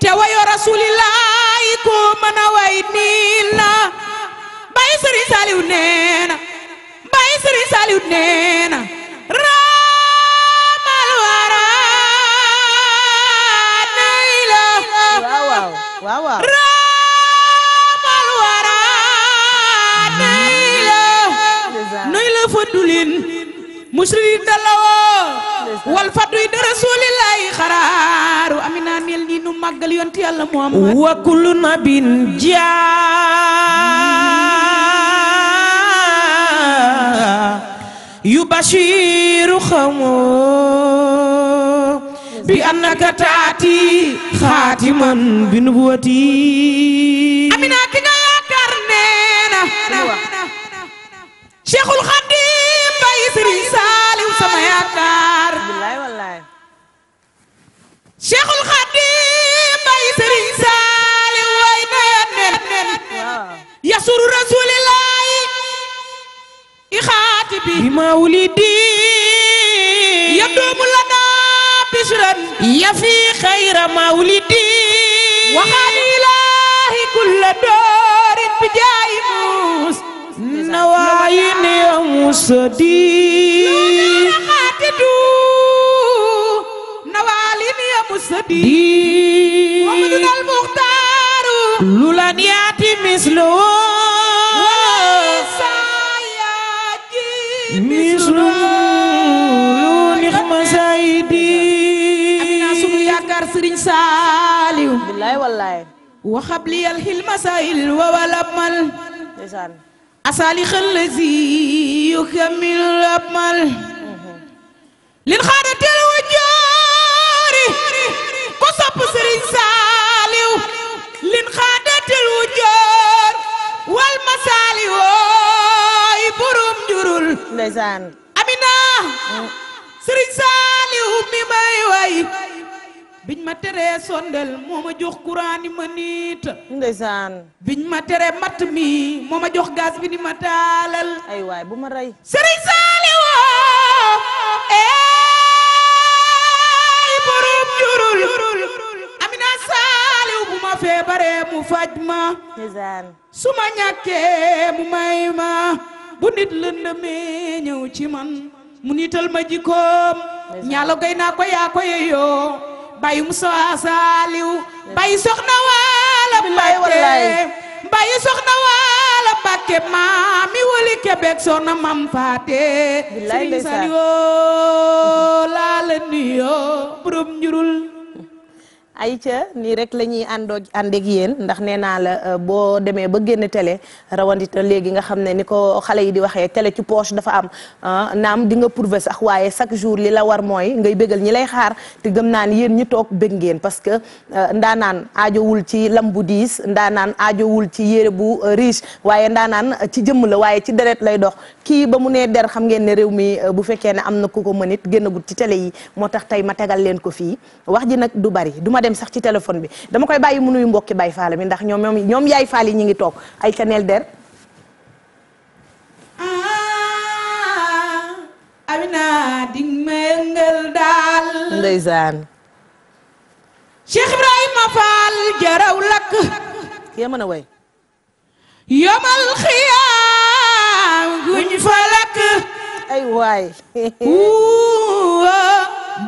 توايو رسول الله كو منا واي نيلا باي سري ساليو نينا Serigne Saliou nee na la waaw la nay la fadulin musri dalawo wal fatuy da rasulillahi xaraaru amina neel nii nu màggal yonti yàlla muhammad wa kullu nabin jaa يبشر خمو بأنك تأتي خاتما بنبوتي أمينة كنا يا كرنينا شيخ الخديم باي سري سالم سما يا كار بالله والله شيخ الخديم باي سري سالم وين يسر رسول الله لخاتبي بمولدي يدوم لنا بشرا يفي خير مولدي وقال إلهي كل دور بجاي موس نواين يا مسدي نوالين يا مسدي ومدن المختار لولان ياتي مثله mislu yunix masaydi amina sunu yaakaar sëriñ saaliw billaay wallaay waxab li yal xil masail wa walab mal asaali xëllësi yukamil rab mal lin xaada Amina sëriñ Saalihu mi may way biñ ma teree sondel moo ma jox courant ma niit biñ ma teree matt mi moo ma jox gaz bi ni ma taalal ay waay bu eey borom jurul Amina Saalihu bu ma feebaree mu faj ma su ma ñàkkee mu may ma bu nit lëndëmee ñëw ci man mu nital ma jikkoom ñaalo gay naa ko yaa ko yeyoo bàyyi mu saa saaliw bàyyi soxna waala mbàkke bàyyi soxna waala mbàkke maami wali Québec soxna mam faate sëriñ Saliw laa la nuyoo borom njurul ca nii rek la ñuy àndoo ànd ak ndax nee naa la euh, boo demee ba génn télé rawandita léegi nga xam ne ni ko xale yi di waxee télé ci poche dafa am ah, naam di nga prouver sax waaye chaque jour li la war mooy ngay bégal ñi lay xaar te gëm naa ni yéen ñi toog bég ngeen parce que euh, ndaanaan aajowul ci lam bu diis ndaanaan aajowul ci yére bu euh, riche waaye naan ci jëmm la waaye ci deret lay dox kii ba mu nee der xam ngeen ne réew mi bu fekkee ne am na ku ko mën it génnagul ci télé yi moo tax tey ma tegal leen ko fii wax ji nag du dem sax ci téléphone bi dama koy bàyyi mu mbokki Baye Fall mi ndax ñoom ñoom yaay Fall yi ñu ngi toog ay canel der ah, Amina dig ma yëngal daal. ndeysaan. Cheikh Ibrahima Fall jaraw lakk. kii mën a way. yomal xiyaam guñ fa lakk. ay waay.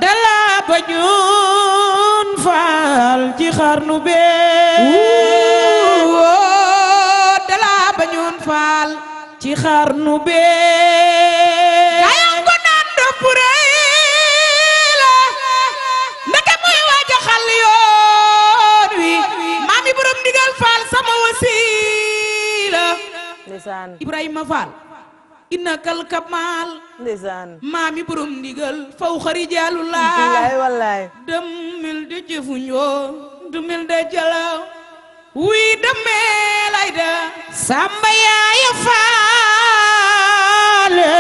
dalaa ba faal ci xarnu bee woo oh, dala bañoon faal ci xarnu bee gayam ko naan dëpp rëy la ndeke mooy waaja xal yoon wi maami borom ndigal faal sama wasiila Ibrahima Faal innakal kamal ndeysaan maami borom ndigal faw xarijalullah wallaay wallaay dem mil de jëfuñoo du jalaw wi demee lay da samba yaaya faale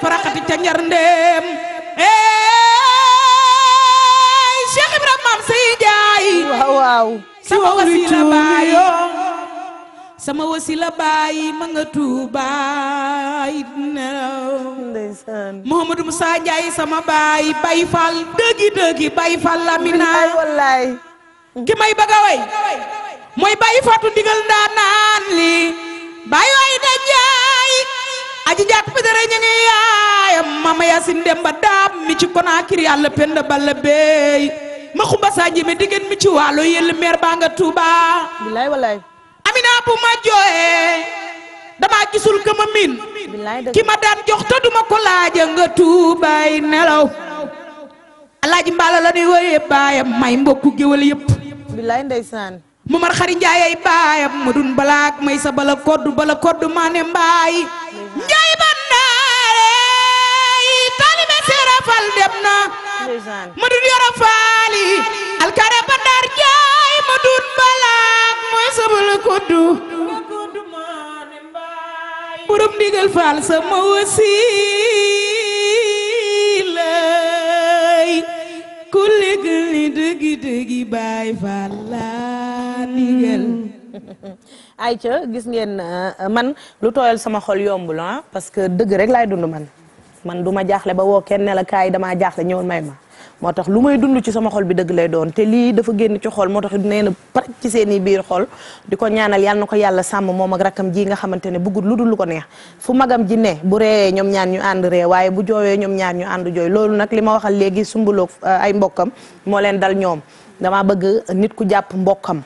faraxati ca njar ndeem eey Cheikh Ibra maam sey jaay waaw waaw sama wasila baay sama wasila baay ma nga tuubaay Mouhamadou Moussa Ndiaye sama baay Baay Fall dëggi dëggi Baay Fall Lamina ki may bëgg a Baay Faatu ndigal ndaa naan li Baay way da jaay aji jaat pedere ña ngi yaayam mama yasin demba daam mi ci Konaakiri yàlla penda balla beey ma xumba saa njéemé diggéen mi ci waalo yell meer baa nga Tuuba amina bu ma jooyee dama gisul ka ma miin ki ma daan jox te duma ko laaja nga tuubaay nelaw alaaji mbaala la nuy wooyee baayam may mbokku géwél yépp billaay ndeysaan njaayay baayam ma dun balaak may sa bala kodd bala kodd maa ne mbaay njaay Fall dem na ma dun yoro faali alkare ba ndar jaay ma dun balaak mooy sabal kuddu burum ndigal Fall sama wasiilay ku légal ni dëggi baay Fall laa ndigal ay ca gis ngeen euh, man lu tooyal sama xol yombul ah, parce que dëgg rek lay dund man man du ma jaaxle ba woo kenn ne la kaay damaa jaaxle ñëwal may ma moo tax lu may dund ci sama xol bi dëgg lay doon te lii dafa génn ci xol moo tax nee na pare ci seen biir xol di ko ñaanal yàlla na ko yàlla sàmm moom ak rakkam ji nga xamante ne bëggul lu dul ko neex fu magam ji ne bu reeyee ñoom ñaan ñu ànd ree waaye bu joowee ñoom ñaar ñu ànd jooy loolu nag li ma waxal léegi sumbuloo ay mbokkam moo leen dal ñoom dama bëgg nit ku jàpp mbokkam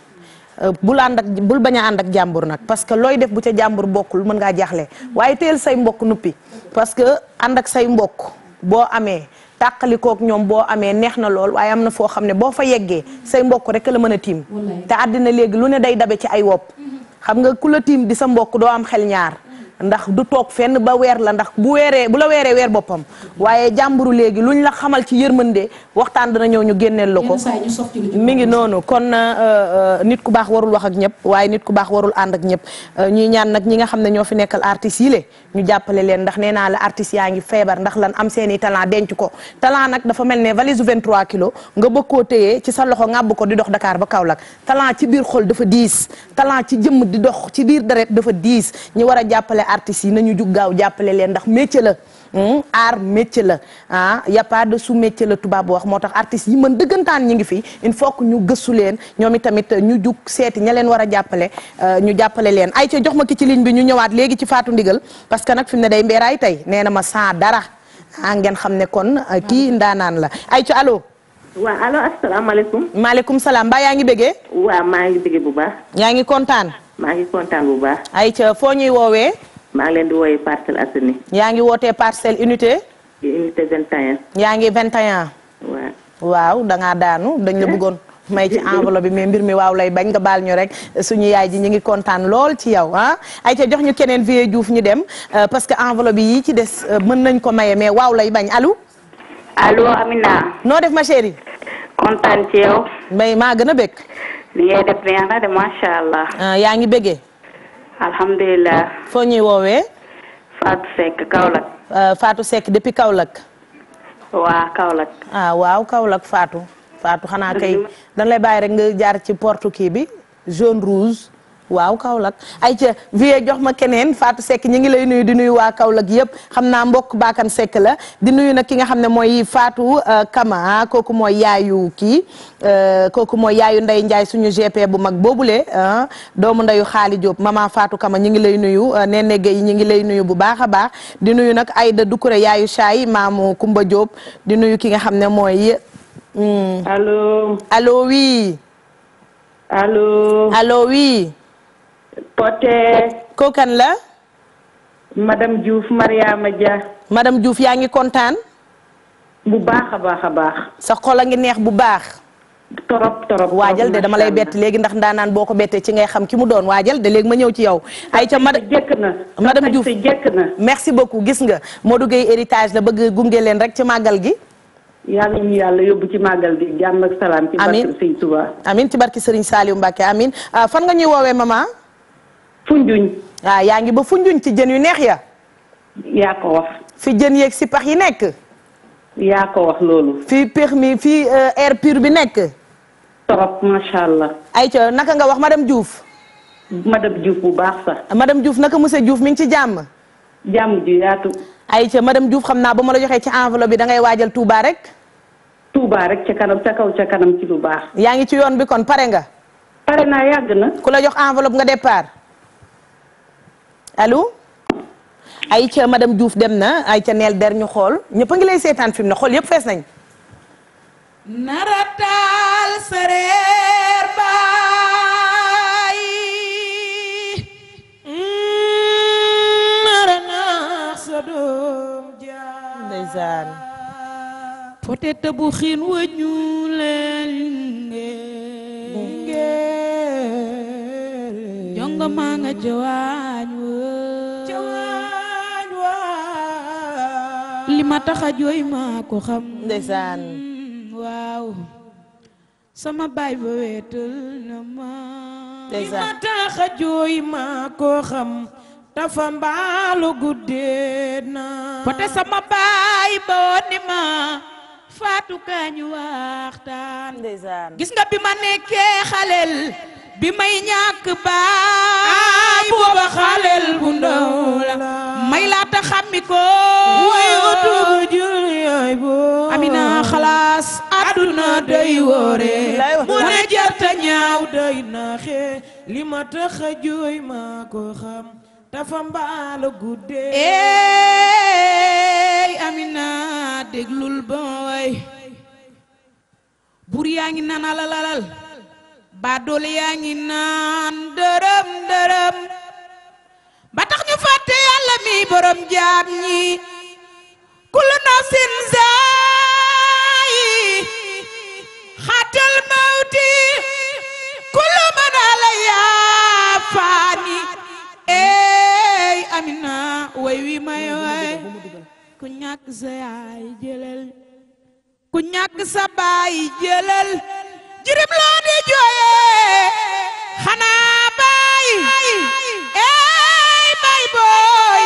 Euh, bul ànd ak bañ ànd ak jàmbur nag parce que looy def bu ca jàmbur bokkul mën ngaa jaaxle waaye teel say mbokk nuppi parce que ànd ak say mbokk boo amee tàqalikook ñoom boo amee neex na lool waaye am na foo xam ne boo fa yeggee say mbokk rek la mën a tiim te àddina léegi lu ne day dabe ci ay wopp mm-hmm. xam nga ku la tiim di sa mbokk doo am xel ñaar ndax du toog fenn ba weer la ndax bu weeree bu la weeree weer boppam waaye jàmburu léegi luñ la xamal ci yërmande waxtaan dana ñëw ñu génneel la ko mi ngi noonu kon euh, euh, nit ku baax warul wax ak ñëpp waaye nit ku baax warul ànd ak ñëpp euh, ñuy ñaan nag ñi nga xam ne ñoo fi nekkal artistes yi le ñu jàppale leen ndax nee naa la artistes yaa ngi feebar ndax lan am seeni talent denc ko talent nag dafa mel ne valise 23 kilos nga bëgg koo téye ci sa loxo ngàbb ko di dox Dakar ba Kaolack talent ci biir dafa diis talent ci jëmm di dox ci biir deret artistes yi na ñu jug gaaw jàppale leen ndax métier la hmm? art métier la ah, a pas de sous métier la tubaab wax moo tax artistes yi mën dëggantaan ñi ngi fi il faut que ñu gëstu leen ñoom itamit ñu jug seeti ña leen war a jàppale euh, ñu jàppale leen ay ca jox ma ki ci ligne bi ñu ñëwaat léegi ci faatu Ndigal parce que nag fi mu ne day mbeeraay tey nee na ma sans dara ah ngeen xam ne kon euh, kii ndaanaan la ay ca allo waaw allo asalaamaaleykum. maaleykum salaam mbaa yaa ngi bëggee. maa ngi bëggee bu yaa ngi kontaan. maa ngi kontaan bu baax. maa ngi leen di wooyee Parcelles yaa ngi wootee parcelle unité. yaa ngi 21. waaw waaw da daanu dañ la bëggoon. may ci enveloppe bi mais mbir mi waaw lay bañ nga baal ñu rek suñu yaay ji ñu ngi kontaan lool ci yow ah ay ca jox ñu keneen vie Diouf ñu dem euh, parce que enveloppe yi ci des euh, mën nañ ko maye mais waaw lay bañ alo allo Amina. noo def ma chérie. kontaan ci yow. may maa gën a bëgg. li ah, yaa ngi bëggee. alhamdulilah. Ah, foo ñuy woowee. Fatou Seck Kaolack. Euh, Fatou Seck depuis Kaolack. waa Kaolack. Ah, waaw Kaolack Fatou. Fatou xanaa kay dañ lay bàyyi rek nga jaar ci porte kii bi jaune rouge. waaw Kaolack ay jox ma keneen faatu Seck ñu ngi lay nuyu di nuyu waa Kaolack yëpp xam naa mbokk Bakane sekk la di nuyu nag ki nga xam ne mooy Fatou euh, Kama ah, kooku mooy yaayu kii euh, kooku mooy yaayu Ndey Njaay suñu GP bu mag boobule ah, doomu ndeyu xaali Diop maman Fatou Kama ngi lay nuyu euh, Nene Gueye ñu ngi lay nuyu bu baax a baax di nuyu nag ay Aïda Doucouré yaayu Chaay maamu Kumba Diop di nuyu ki nga xam ne mooy hmm. allo allo oui allo Poté. kookan la. madame Diouf Mariama ja madame juuf yaa ngi kontaan. bu baax a baax a baax. sa xol a ngi neex bu baax. torop torop waajal de dama lay bett léegi ndax ndaanaan boo ko bettee ci ngay xam ki mu doon waajal de léegi ma ñëw ci yow. ay ca madame jëkk na madame Diouf merci beaucoup gis nga moo Gueye héritage la bëgg gunge leen rek ci màggal gi. yàlla ñu yàlla yóbbu ci màggal gi jàmm ak salaam. amiin ci barke Sëriñ Tuubaa. amiin ci fan nga ñuy woowee mama funjuñ waaw ah, yaa ngi ba funjuñ ci jën yu neex ya yaa ko wax fi jën yeeg si pax yi nekk yaa ko wax loolu fii permis fii euh, air pur bi nekk torop macha allah ayca naka nga wax madame Diouf madame Diouf bu baax sax madame Diouf naka monsieur Diouf mi ngi ci jàmm jàmm ji yaatu ayca madame Diouf xam naa ba ma la joxee ci enveloppe bi da ngay waajal Touba rek Touba rek ci kanam ca kaw ca ci lu baax yaa ngi ci yoon bi kon pare nga pare naa yàgg na ku la jox enveloppe nga départ allo ayca madame Diouf dem na ayca der ñu xool ñëpp a ngi lay seetaan fi mu xool yëpp fees nañ nara naa sa doom jaa ndeysaan potet bu xiin wa ñu leen maa nga jawaañ waa jawaañ waa ma tax jooy maa ko xam ndeysaan waaw sama na ma li ma tax a jooy maa ko sama baay ba woon ma faatu kaa waxtaan gis nga bi ma nekkee xaleel bi may ñàkk baay ah, booba xaleel bu ndaw la may laata xàmmi ko way oto bu jur yooy boo amina xalaas àdduna day wóore mu ne jarta ñaaw day naxe li ma tax a jooy maa ko xam dafa mbaala guddee eey amina déglul ba way bur yaa ngi naan baadool yaa ngi naan dërëm dërëm ba tax ñu fàtte yàlla mi borom jaam ñi kullu nafsin zaayi xatal mawti kullu man alayha faani ey amina way wi may way ku ñàkk sa yaay ku ñàkk sa baay jirim loo di jooyee xanaa baay eey baay booy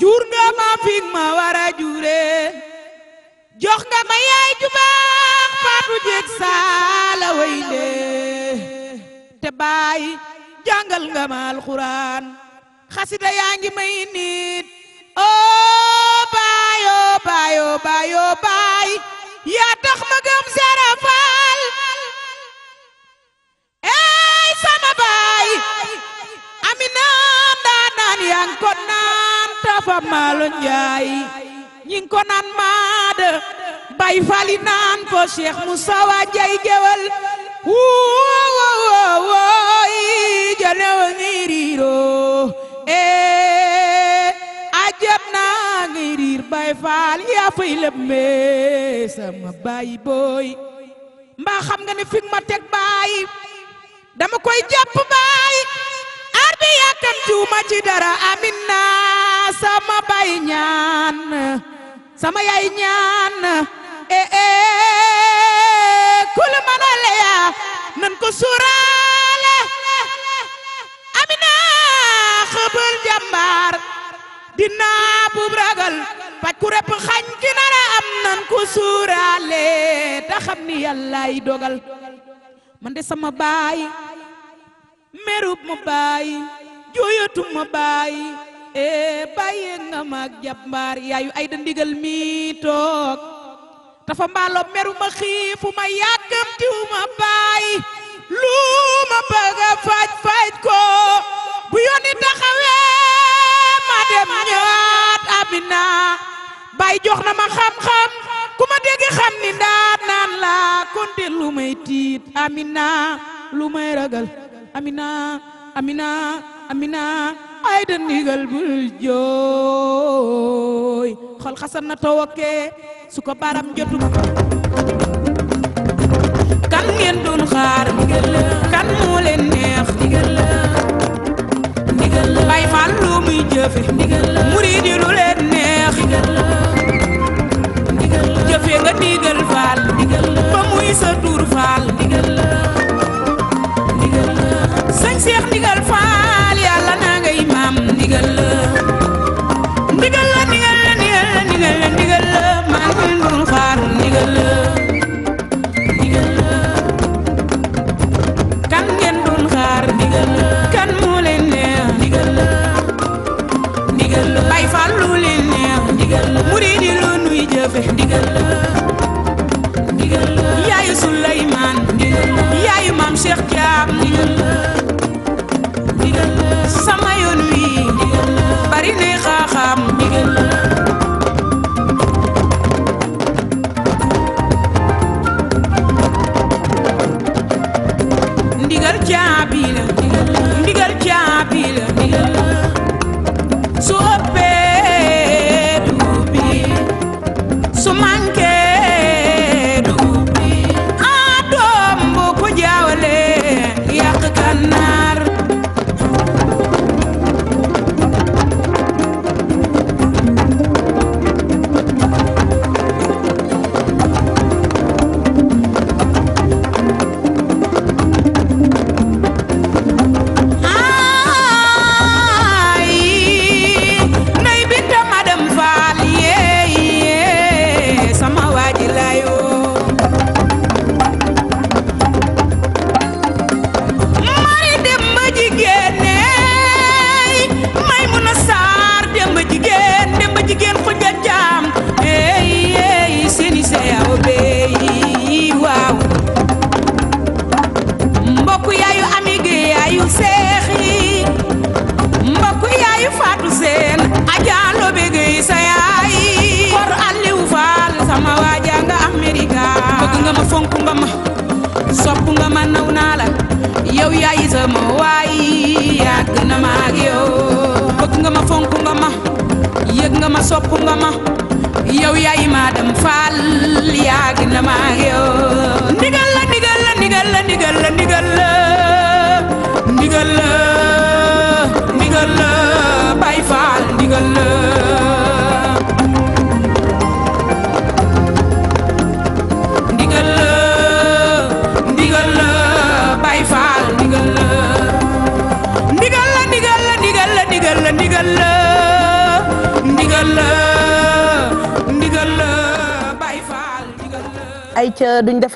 jur nga ma fi ma war a jure jox nga ma yaay ju faatu jeeg saala way te baay jàngal nga ma alxuraan xasida yaa ngi may nit oo oh, baay oo oh, baay oo oh, baay yaa tax ma gëm sara faal baay amina ndaa naan yang ko naan tafa maalo njaay ñing ko naan maada bay fali naan ko Cheikh Moussa wa jay gewal wowowowoy jalewa ngi riiro ee eh, ajab naa ngi riir bay faal yaa fay lëb mee sama baay booy mbaa xam nga ne fi ma teg baay dama koy jàpp baay aar bi yàkkam juuma ci dara amin sama baay ñaan sama yaay ñaan ee eh, eh, kul mën a leya nan ko suuraale amina xëbal jàmbaar dina bub ragal faj ku repp xañ ki nara am nan ko suuraale ta xam ni yàllaay dogal man de sama baay merub ma baay jooyatu ma baay ee bàyyi nga maag jàmbaar yaayu ay da ndigal mi toog dafa mbaaloo meru ma xiifu ma yàkkamtiwu ma baay lu ma bëgg ko bu yónni taxawee ma dem ñëwaat bay jox na ma xam-xam ku ma xam ni ndaat naan laa konte lu may tiit amina lu may ragal amina amina ay da ndigal bul jooy xol xasan na tawoke su baram jotu kan ngeen doon xaar ndigal la kan moo leen neex ndigal la bay faal lu muy jëfe ndigal la murid yi lu leen neex ndigal faal ba muy sa tuur faal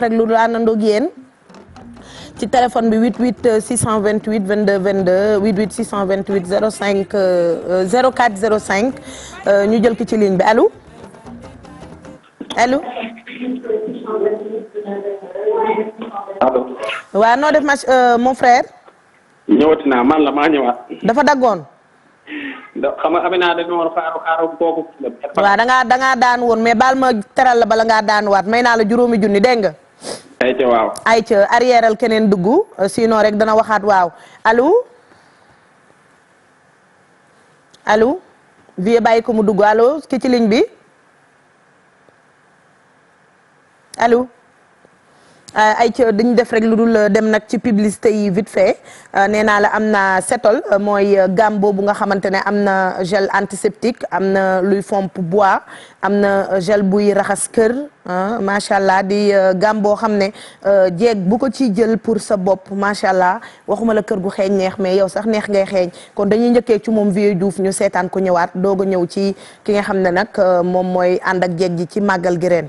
rek lu àndandoog yéen ci téléphone bi 88 628 22 22 88 628 05 04 05 ñu jël ki ci ligne bi allo allo. allo. waaw noo def ma euh, mon frère. ñëwati naa man la maa ñëwaat. dafa daggoon. da xam nga a da ngaa da ngaa daan woon mais baal ma teral la bala ngaa daan waat may naa la juróomi junni dégg nga. ayca waaw. ayca arrièreal keneen dugg sinon rek dana waxaat waaw allo alo vie bàyyi ko mu dugg allo ki ci ligne bi allo. Euh, ay ci dañu def rek lu dul euh, dem nag ci publicité yi vite fait euh, nee naa la am na setol mooy gamme bu nga xamante ne am na gel antiseptique am na luy fomp bois am na gel buy raxas kër macha allah di gamme boo xam ne jeeg bu ko ci jël pour sa bopp macha allah waxuma la kër gu xeeñ neex mais yow sax neex ngay xeeñ kon dañuy njëkkee ci moom Vieux Diouf ñu seetaan ko ñëwaat doog a ñëw ci ki nga xam ne nag moom mooy ànd ak jeeg ji ci màggal gi ren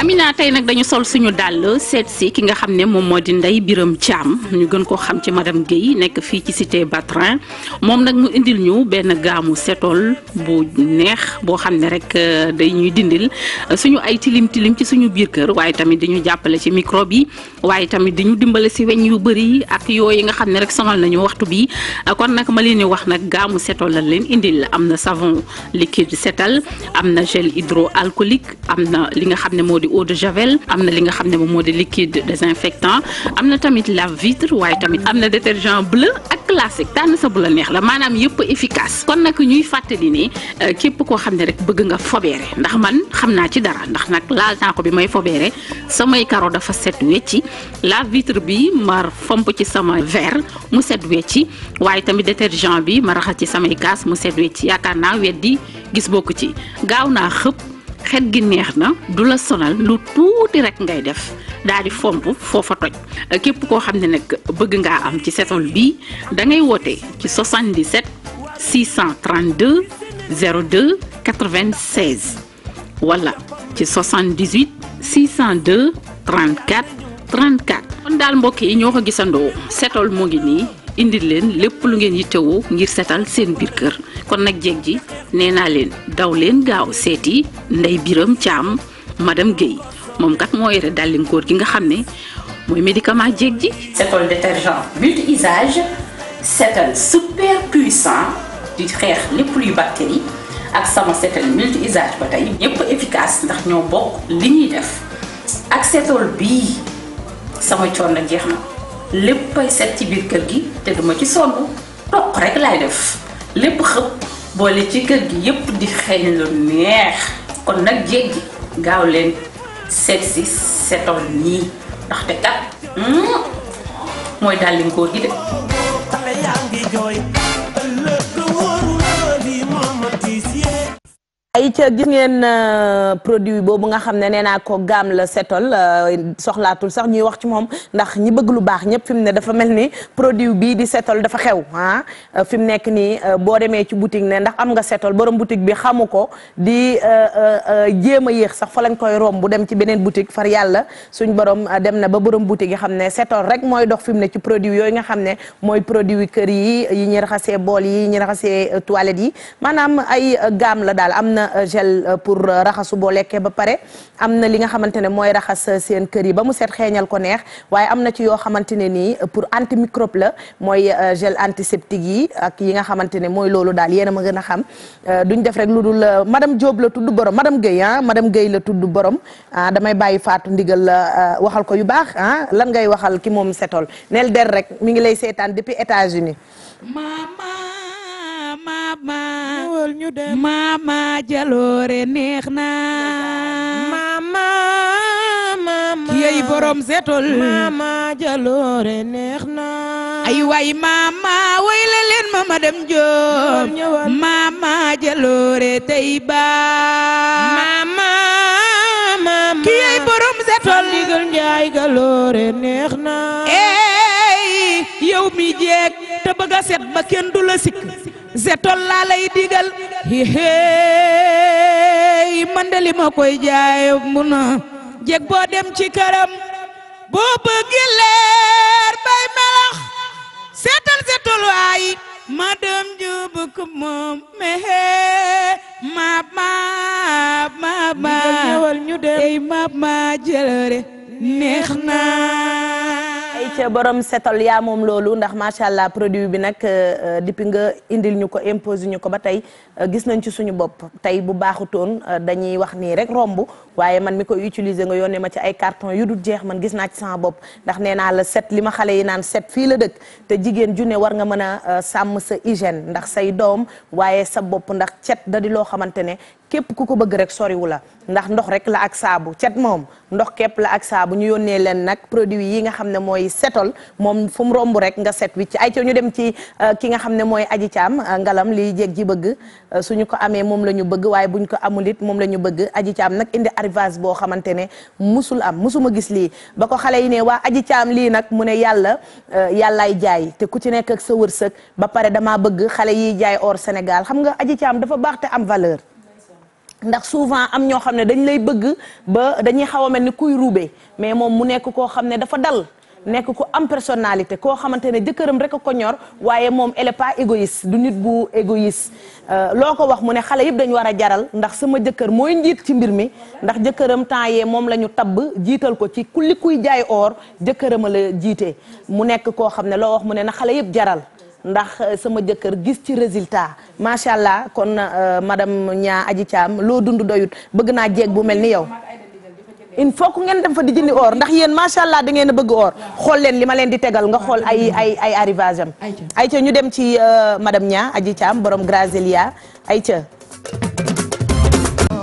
Amina tey nag dañu sol suñu dàll seet si ki nga xam ne moom moo di Ndeye Birame Thiam ñu gën koo xam ci madame Guèye nekk fii ci si cité Batrin moom nag mu indil ñu benn gaamu setool bu neex boo xam ne rek euh, day ñuy dindil euh, suñu ay tilim tilim ci suñu biir kër waaye tamit di ñu jàppale ci microbe yi waaye tamit di ñu dimbale si weñ yu bëri ak yooyu nga xam ne rek sonal nañu waxtu bi euh, kon nag ma leen di wax nag gaamu setol la leen indil am na savon liquide setal am na gel hydroalcoolique am li nga xam ne moo di eau de javel am na li nga xam ne moom moo di liquide désinfectant am na tamit lave vitre waaye tamit am na détergent bleu ak classique tànn sa bu la neex la maanaam yëpp efficace kon nag ñuy fàttali ne euh, képp koo xam ne rek bëgg nga fobeere ndax man xam naa ci dara ndax nag laal naa ko bi may fobeere samay karo dafa set wecci lave vitre bi ma fomp ci sama verre mu set wecci waaye tamit détergent bi ma raxas ci samay kaas mu set wecci yaakaar naa weddi gis bokku ci gaaw naa xëpp xet gi neex na du la sonal lu tuuti rek ngay def daal di fomp foofa toj képp koo xam ne nag bëgg ngaa am ci setol bii da ngay woote ci 77 632 02 96 wala ci 78 602 34 34 kon daal mbokk yi ñoo ko gisandoo setol mu ngi nii indi leen lépp lu ngeen yi yittewoo ngir setal seen biir kër kon nag jeeg ji nee naa leen daw leen gaaw seeti Ndeye Birame ma dem Guèye moom kat moo yore dàllim gi nga xam ne mooy médicament jeeg ji. Setol détergent multi-usage Setol super puissant di xeex lépp luy bactérie ak sama Setol multi-usage ba tey ñépp efficace ndax ñoo bokk li ñuy def ak Setol bii sama coono jeex na. léppay set ci biir kër gi te duma ci sonn toq rekk laay def lépp xëpp boole ci kër gi yépp di xeeñ lu neex kon nag jéeg ji gaaw leen seet si setoon nii ndaxte kat hmm, mooy dàlli ngóor gi de ayca gis ngeen euh, produit boobu nga xam ne nee naa ko gaam la setol euh, soxlaatul sax ñuy wax ci moom ndax ñi bëgg lu baax ñëpp fi mu ne dafa mel ni produit bii di setol dafa xew ah euh, fi mu nekk nii boo demee ci boutique ne ndax am nga setol borom boutique bi xamu ko di jéem a yéex sax fa lañ koy romb bu dem ci beneen boutique far yàlla suñ borom dem na ba borom boutique yi xam ne setol rek mooy dox fi mu ne ci produit yooyu nga xam ne mooy produit kër yi yi ñuy raxasee bool yi ñu ñuy raxasee toilettes yi maanaam na euh, gel euh, pour euh, raxasu boo lekkee ba pare am na li nga xamante ne mooy raxas seen kër yi ba mu seet xeeñal ko neex waaye am na ci yoo xamante ne nii pour antimicrobe la mooy gel antiseptique yi ak yi nga xamante ne mooy loolu daal yéen a ma gën a xam duñ def rek lu dul madame Diop la tudd borom madame Guèye ah madame Guèye la tudd borom ah damay bàyyi Fatou ndigal waxal ko yu baax ah lan ngay waxal ki moom setol neel der rek mu ngi lay seetaan depuis États-Unis mama ñëwal ñu jaloore neex na mama mama yey borom setol mama jaloore neex na ay way mama way leen mama dem joom mama jaloore tey ba ki yey borom setol ndigal njaay galoore neex na ey yow mi jeeg bëgg a set ba kenn du la sikk setol laa lay digal hihéy man de li ma koy jaay mu na jeg boo dem ci këram boo bëggi leer bay melax seetal setol waay ma dem jubuk moom mehe maap maap maap maap ñëwal ñu dem maap maa jëlëre neex na ca borom setal yaa moom loolu ndax macha allah produit bi nag euh, euh, depuis nga indil ñu ko impose ñu ko ba tey Euh, gis nañ ci suñu bopp tey bu baaxutoon euh, dañuy wax nii rek romb waaye man mi koy utiliser nga yónnee ma ci ay carton yu dul jeex man gis naa ci sama bopp ndax nee naa la set li ma xale yi naan set fii la dëkk te jigéen ju ne war nga mën a euh, sàmm sa hygiène ndax say doom waaye sa bopp ndax cet da loo xamante ne képp ku ko bëgg rek soriwu la ndax ndox rek la ak saabu cet moom ndox képp la ak saabu ñu yónnee leen nag produit yi nga xam ne mooy setol moom mu romb rek nga set wi ci ay ñu dem ci ki nga xam ne mooy aji caam ngalam li jéeg ji bëgg Euh, suñu ko amee moom la ñu bëgg waaye buñ ko amul it moom lañu ñu bëgg aji caam nag indi arrivage boo xamante ne musul am musuma gis lii ba ko xale yi ne waa aji caam lii nag mu ne yàlla euh, yàllaay jaay te ku ci nekk ak sa wërsëg ba pare damaa bëgg xale yiy jaay or Sénégal xam nga aji caam dafa baax te am valeur ndax souvent am ñoo xam ne dañ lay bëgg ba dañuy xaw a mel ni kuy ruube mais moom mu nekk koo xam ne dafa dal nekk ko am personnalité koo xamante ne jëkkëram rek a ko ñor waaye moom elle est pas égoïste du nit bu égoïste euh, loo ko wax mu ne xale yëpp dañu war a jaral ndax sama jëkkër mooy njiit ci mbir mi ndax jëkkëram temps yee moom la ñu tabb jiital ko ci ku kuy jaay or jëkkërama la jiite mu nekk koo xam ne loo wax mu ne na xale yëpp jaral ndax euh, sama jëkkër gis ci résultat macha allah kon euh, madame ñaa aji Thiam loo dund doyut bëgg naa jeeg bu mel ni yow in faut ngeen dem fa di jëndi oor ndax yéen macha allah da ngeen a bëgg or xool leen li ma leen di tegal nga xool ay ay ay arrivage am ayca ñu dem ci euh, madame Nia Adji Thiam borom ay ayca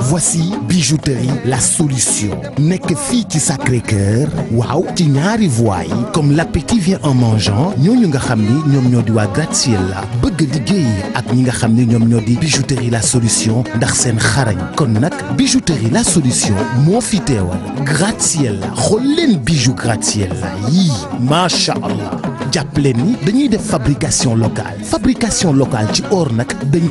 voici bijouterie la solution nekk fii ci Sacré-Cœur waaw ci ñaari voies yi comme l'appétit vient en mangeant ñooñu nga xam ni ñoom ñoo di waa gratte-ciel la bëgg liggéey ak ñi nga xam ni ñoom ñoo di bijouterie la solution ndax seen xarañ kon nag bijouterie la solution moo fi teewal gratte-ciel la xool leen bijou gratte-ciel la yii macha allah jàpp leen ni dañuy def fabrication locale fabrication locale ci or nag dañ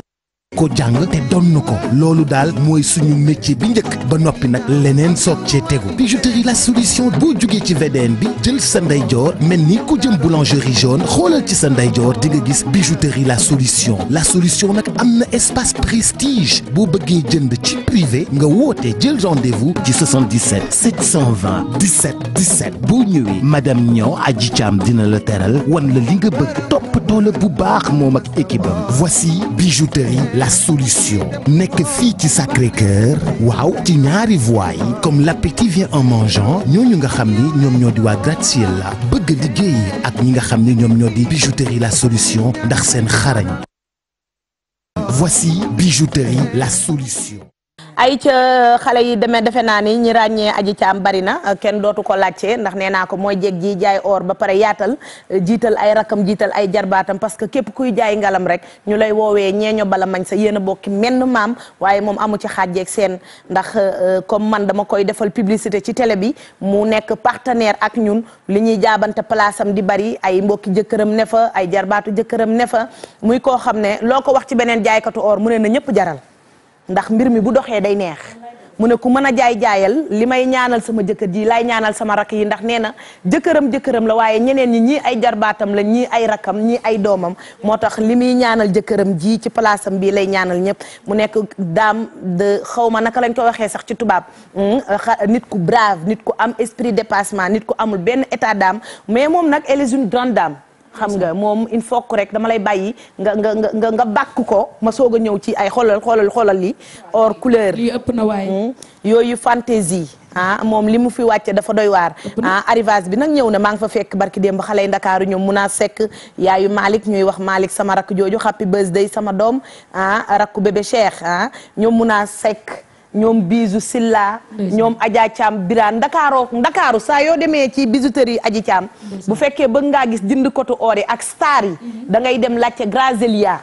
ko jàng te donn ko loolu daal mooy suñu métier bi njëkk ba noppi nag leneen soog cee tegu bijouterie la solution boo jugee ci VDN bi jël sa ndeyjoor mel ni ku jëm boulangerie jaune xoolal ci sa ndeyjoor di nga gis bijouterie la solution la solution nag am na espace prestige boo bëggee jënd ci privé nga woote jël rendez-vous ci 77 720 17 17 boo ñëwee madame Niang Adji Thiam dina la teral wan la li nga bëgg doole bu baax moom ak équipe am voici bijouterie la solution nekk fii ci Sacré Cœur waaw ci ñaari voies yi comme l'appétit vient en mangeant ñooñu nga xam ni ñoom ñoo di waa gratte-ciel la bëgg liggéey ak ñi nga xam ni ñoom ñoo di bijouterie la solution ndax seen xarañ voici bijouterie la solution ay ca xale yi demee defe naa ni ñi ràññee aji caam bari na kenn dootu ko laajte ndax nee naa ko mooy jeg ji jaay or ba pare yaatal jiital ay rakam jiital ay jarbaatam parce que képp kuy jaay ngalam rek ñu lay woowee ñeeño bala mañ sa yéen a bokki menn maam waaye moom amu ci xaajjeeg seen ndax euh, comme man dama koy defal publicité ci télé bi mu nekk partenaire ak ñun li ñuy jaabante place di bari ay mbokki jëkkëram ne fa ay jarbaatu jëkkëram ne fa muy koo xam ne loo ko wax ci beneen jaaykatu or mu ne na ñëpp jaral ndax mbir mi bu doxee day neex mu ne ku mën a jaay jaayal li may ñaanal sama jëkkër ji laay ñaanal sama rakk yi ndax nee na jëkkëram jëkkëram la waaye ñeneen ñi ñii ay jarbaatam la ñii ay rakkam ñii ay doomam moo tax li muy ñaanal jëkkëram jii ci place bii lay ñaanal ñëpp mu nekk daam de xawma naka lañ ko waxee sax ci tubaab hmm, nit ku brave nit ku am esprit dépassement nit ku amul benn état d'âme mais moom nag elle est une grande dame xam nga moom il faut que rek dama lay bàyyi nga nga nga nga bàkk ko ma soog a ñëw ci ay xoolal xoolal xoolal li or couleur lii ëpp na waaye hmm? yooyu fantaisie ah moom li mu fi wàcce dafa doy waar ah arrivage bi nag ñëw ne maa ngi fa fekk barki démb xale yi ndakaaru ñoom mun a sekk yaayu Malick ñuy wax Malick sama rakk jooju happy birthday sama doom ah rakku bébé Cheikh ah ñoom mun a sekk ñoom bisu silla ñoom Adja Thiam Birane Ndakaaroo Ndakaaru saa yoo demee ci bijouterie Adji Thiam bu fekkee bëgg ngaa gis dind kotu or yi ak star yi mhm. ngay dem laajte Grazelia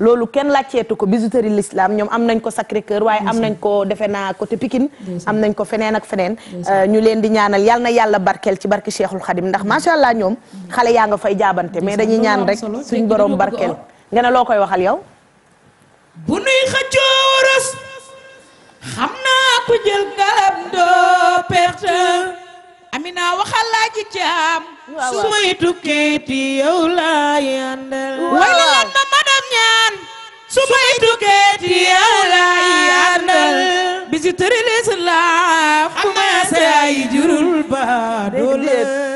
loolu kenn laajteetu ko bijouterie l'islam ñoom am nañ ko Sacré waaye am nañ ko defe naa côté Pikine am nañ ko feneen ak feneen euh, ñu leen di ñaanal yal na yàlla barkeel ci barke Cheikhul Khadim ndax mhm. macha allah ñoom mhm. xale yaa nga fay jaabante mais dañuy ñaan rek suñ borom barkeel nga ne loo koy waxal yow bu caam su may tukkeeti yow laay àndal wala lan ma madam ñaan su may tukkeeti yow laay àndal bisi tëri lislaam commencé ay jurul ba doole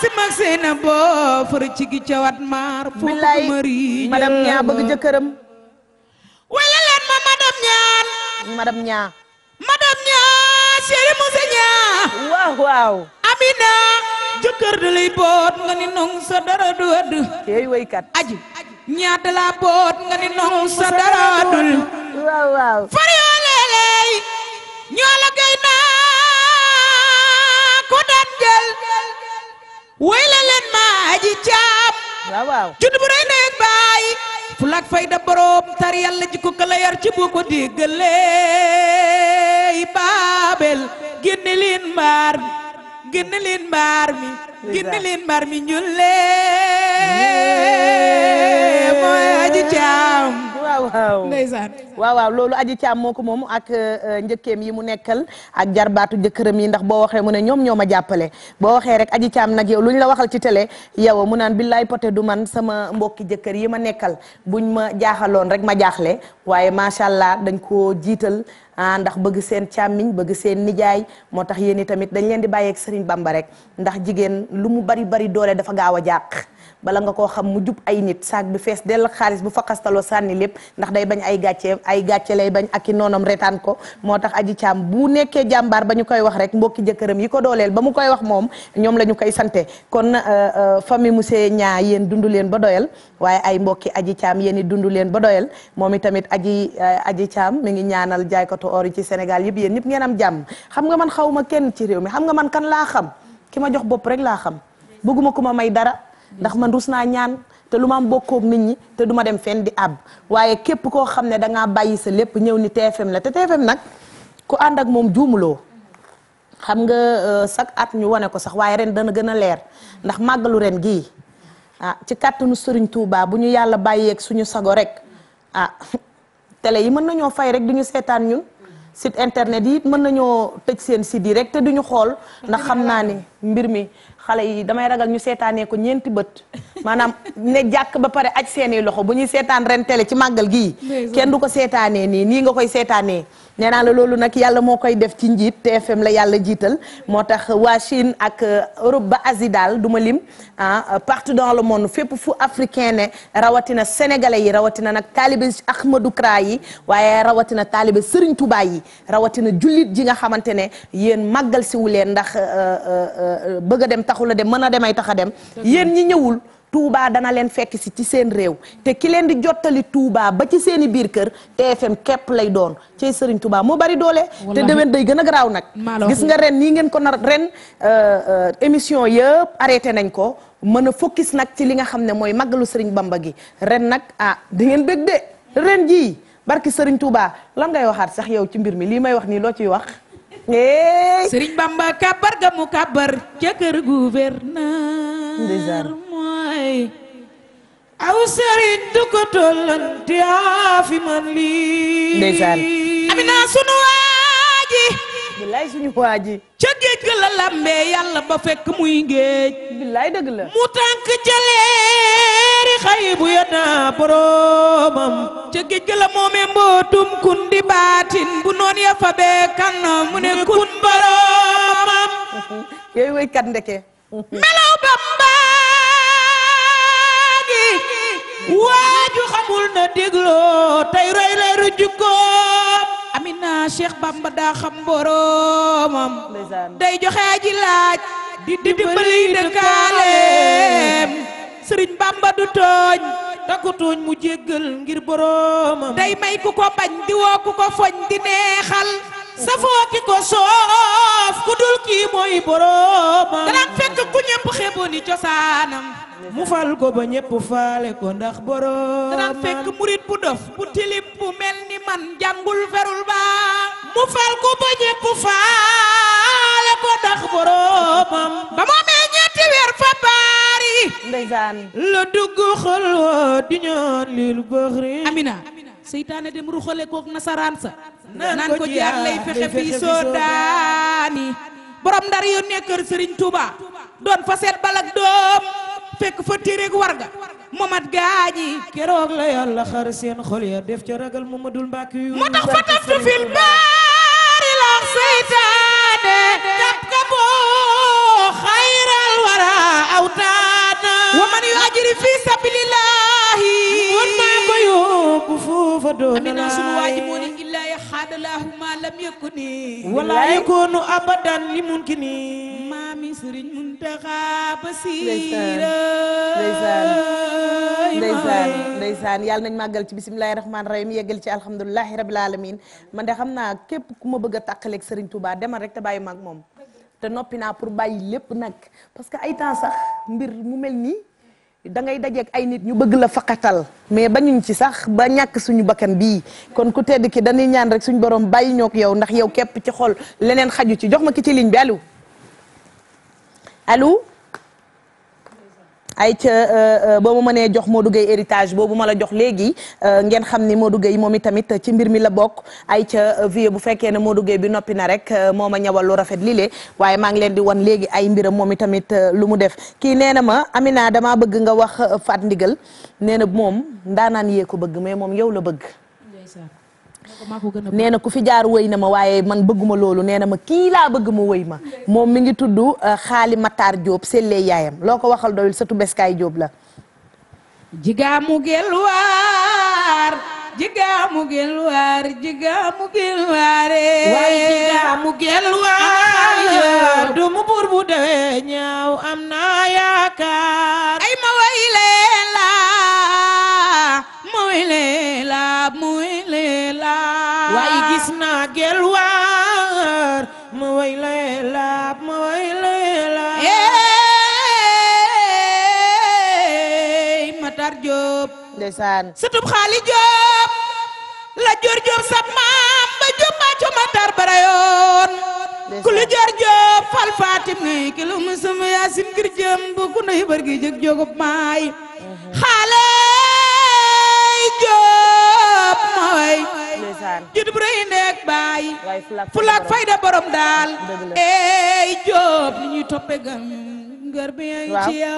si mag boo fër ci gi ca wat maar foofu mari ñaa bëgg jëkkëram wala leen ma madame ñaan madame ñaa madame ñaa chéri ñaa waaw waaw amina jëkkër da boot nga ni nong sa dara du wëdd tey waykat aji ñaata la boot nga ni nong sa dara dul waaw waaw far yoo leeley daan jël woy la leen ma aji caam jund bu rey neeg baay fulak fayda borom tar yàlla jikko kala yar ci boo ko déggalee baabel génne leen mbaar mi génne leen mbaar mi génne leen mooy aji caam waaw waaw ndeysaan waaw loolu aji caam moo ko moom ak euh, njëkkeem yi mu nekkal ak jarbaatu jëkkëram yi ndax boo waxee mu ne ñoom ñoo ma jàppale boo waxee rek aji caam nag yow lu ñu la waxal ci télé yow mu naan billaay poté du man sama mbokki jëkkër yi ma nekkal buñ ma jaaxaloon rek ma jaaxle waaye macha allah dañ koo jiital ah ndax bëgg seen càmmiñ bëgg seen nijaay moo tax yéen i tamit dañ leen di bàyyeeg Serigne Bamba rek ndax jigéen lu mu bari bari doole dafa gaaw a jàq bala nga koo xam mu jub ay nit saak bi fees dell xaalis bu fakastaloo sànni lépp ndax day bañ ay gàcce ay gàccee lay bañ ak i noonam retaan ko moo tax aji caam bu nekkee jàmbaar ba ñu koy wax rek mbokki jëkkëram yi ko dooleel ba mu koy wax moom ñoom la ñu koy sante kon euh, euh, famille monsieur ñaa yéen dundu leen ba doyal waaye ay mbokki aji caam yéen i dund leen ba doyal moom i tamit aji euh, aji caam mu ngi ñaanal jaaykatu or yi ci Sénégal yëpp yéen ñëpp ngeen am jàmm xam man xawma kenn ci réew mi xam nga man kan laa xam ki ma jox bopp rek laa xam ndax man rus naa ñaan te lu ma am bokkoog nit ñi te duma dem fenn di àbb waaye képp koo xam ne da ngaa bàyyi sa lépp ñëw ni TFM la te TFM nag ku ànd ak moom juumuloo xam nga euh, chaque at ñu wane ko sax waaye ren dana gën a leer ndax màggalu ren gii ah ci kàttanu Serigne tuubaa bu ñu yàlla bàyyeeg suñu sago rek ah télé yi mën nañoo fay rek du ñu seetaan ñun site internet yi it mën nañoo tëj seen site yi rek te duñu xool ndax xam naa ni mbir mi xale yi damay ragal ñu seetaanee ko ñeenti bët maanaam ne jàkk ba pare aj seeni loxo bu ñuy seetaan ren télé ci màggal gii kenn du ko seetaanee nii nii nga koy seetaanee nee naa la loolu nag yàlla moo koy def ci njiit TFM la yàlla jiital moo tax waa Chine ak euh, Europe ba Asie daal du ma lim ah partout dans le monde fépp fu africain ne rawatina sénégalais yi rawatina nag taalibe Ahmadou Kra yi waaye rawatina taalibe Serigne Touba yi rawatina jullit ji nga xamante ne yéen màggal siwu leen ndax euh, euh, bëgg dem taxula la dem mën a demay tax a dem yéen ñi ñëwul Touba dana leen fekk si ci seen réew te ki leen di jottali Touba ba ci seen i biir kër TFM képp lay doon ci Serigne Touba moo bari doole. te déwén day gën a garaaw nag. gis nga ren nii ngeen ko nar ren euh, euh, émission yëpp arrêté nañ ko mën a focus nag ci li nga xam ne mooy màggalu Serigne Bamba gi ren nag ah di ngeen bëgg de ren jii barki Serigne Touba lan ngay waxaat sax yow ci mbir mi lii may wax nii loo ciy wax. sëriñ bamba kabar ga mu kabar ca kër gouverneur mooy aw sëriñ du ko tollante yaa fi man lii ndeysaan amina sunu waay billaay suñu waa ji la làmbee yàlla ba fekk muy géej billaay dëgg la mu tànk ca leeri xay bu yona boroomam ca géej ga la moomee kun di baatin bu noon ya fa bee kan mu ne kun boroomam yooyu woykat ndeke melaw ba mbaagi waaju xamul na dégloo tey roy leeru jukkoom Amina Cheikh Bamba daa xam boroomam day joxe aji laaj di dimbali dëkkaaleem sëriñ Bamba du tooñ taku tooñ mu jéggal ngir boroomam day may ku ko bañ di woo ko foñ di neexal safoo ki ko soof ku dul kii mooy boroomam daan fekk ku ñëpp xeboon cosaanam mu fal ko ba ñépp faale ko ndax borom. daan fekk murit bu dof bu tilip bu mel ni man jàngul ferul ba mu fal ko ba ñépp faale ko ndax boromam ba mu amee ñetti weer fa baari la dugg xol woo di ñoon lil bëxri amina seytaane dem ruxale kook nasaraan sa naan ko jaar lay fexe fii soo daani borom ndar yu nekkër Serigne Touba doon fa seet balak doom fekk fa téereeg warga mamat gaaji keroog la yàlla xar seen xol ya def ca ragal mamadul mbàkk yu moo tax fa taftu fil baari la seytaane tab ka boo xayral wara awtaana wa man yu ajri fi sabilillahi wan maa ko yóbbu foofa doon laay أحد الله ما لم يكن ولا يكون أبدا لممكن nañ màggal ci bisimilahi rahmaani rahim yeggal ci alhamdulilahi rabil alamin man de xam naa képp ku ma bëgg a tàqaleeg Serigne Touba demal rek te bàyyi mag moom te noppi naa pour bàyyi lépp nag parce que ay temps sax mbir mu mel nii da ngay dajeeg ay nit ñu bëgg la faqatal mais bañuñ ci sax ba ñàkk suñu bakkan bii kon ku tedd ki dañuy ñaan rek suñu borom bàyyi ñoo ko yow ndax yow képp ci xol leneen xaju ci jox ma ki ci ligne bi allo ay ca euh, euh, boo ma mënee jox Modou Gueye héritage boobu ma la jox léegi euh, ngeen xam ni moo Gueye moom itamit ci mbir mi la bokk ay ca vie bu fekkee ne moo duggee bi noppi na rek moo ma ñawal lu rafet lile waaye maa ngi leen di wan léegi ay mbiram moom itamit lu mu def kii nee na ma Amina damaa bëgg nga wax faat Ndigal nee na moom ndaanaan yee ko bëgg mais moom yow la bëgg nee na ku fi jaar wëy na ma waaye man bëgguma loolu nee na ma kii laa bëgg mu wëy ma moom mi ngi tudd uh, xaali Matar Diop sellee yaayam loo ko waxal doyul sëtu beskaay Diop la jigaamu gel jigaamu gel waar jigaamu gel waare ñaaw am naa yaakaar ay ma way leela waaye gis naa gel waar ma way leelaab ma way leelaab eey Matar Jóob ndeysaan sëtub xaali Jóob la jor Jóob sab maam ba Jóob maa co Matar barayoon ku lu jor fal Faatim ngay ki lu musum yaasin ngir bu ku na hibar gi jëg jógub maay mhm. xaale Jóob juddu bu rëy ndeeg baay fulaak fayda borom daal eey Jóob li ñuy toppe gam ngër bi yaa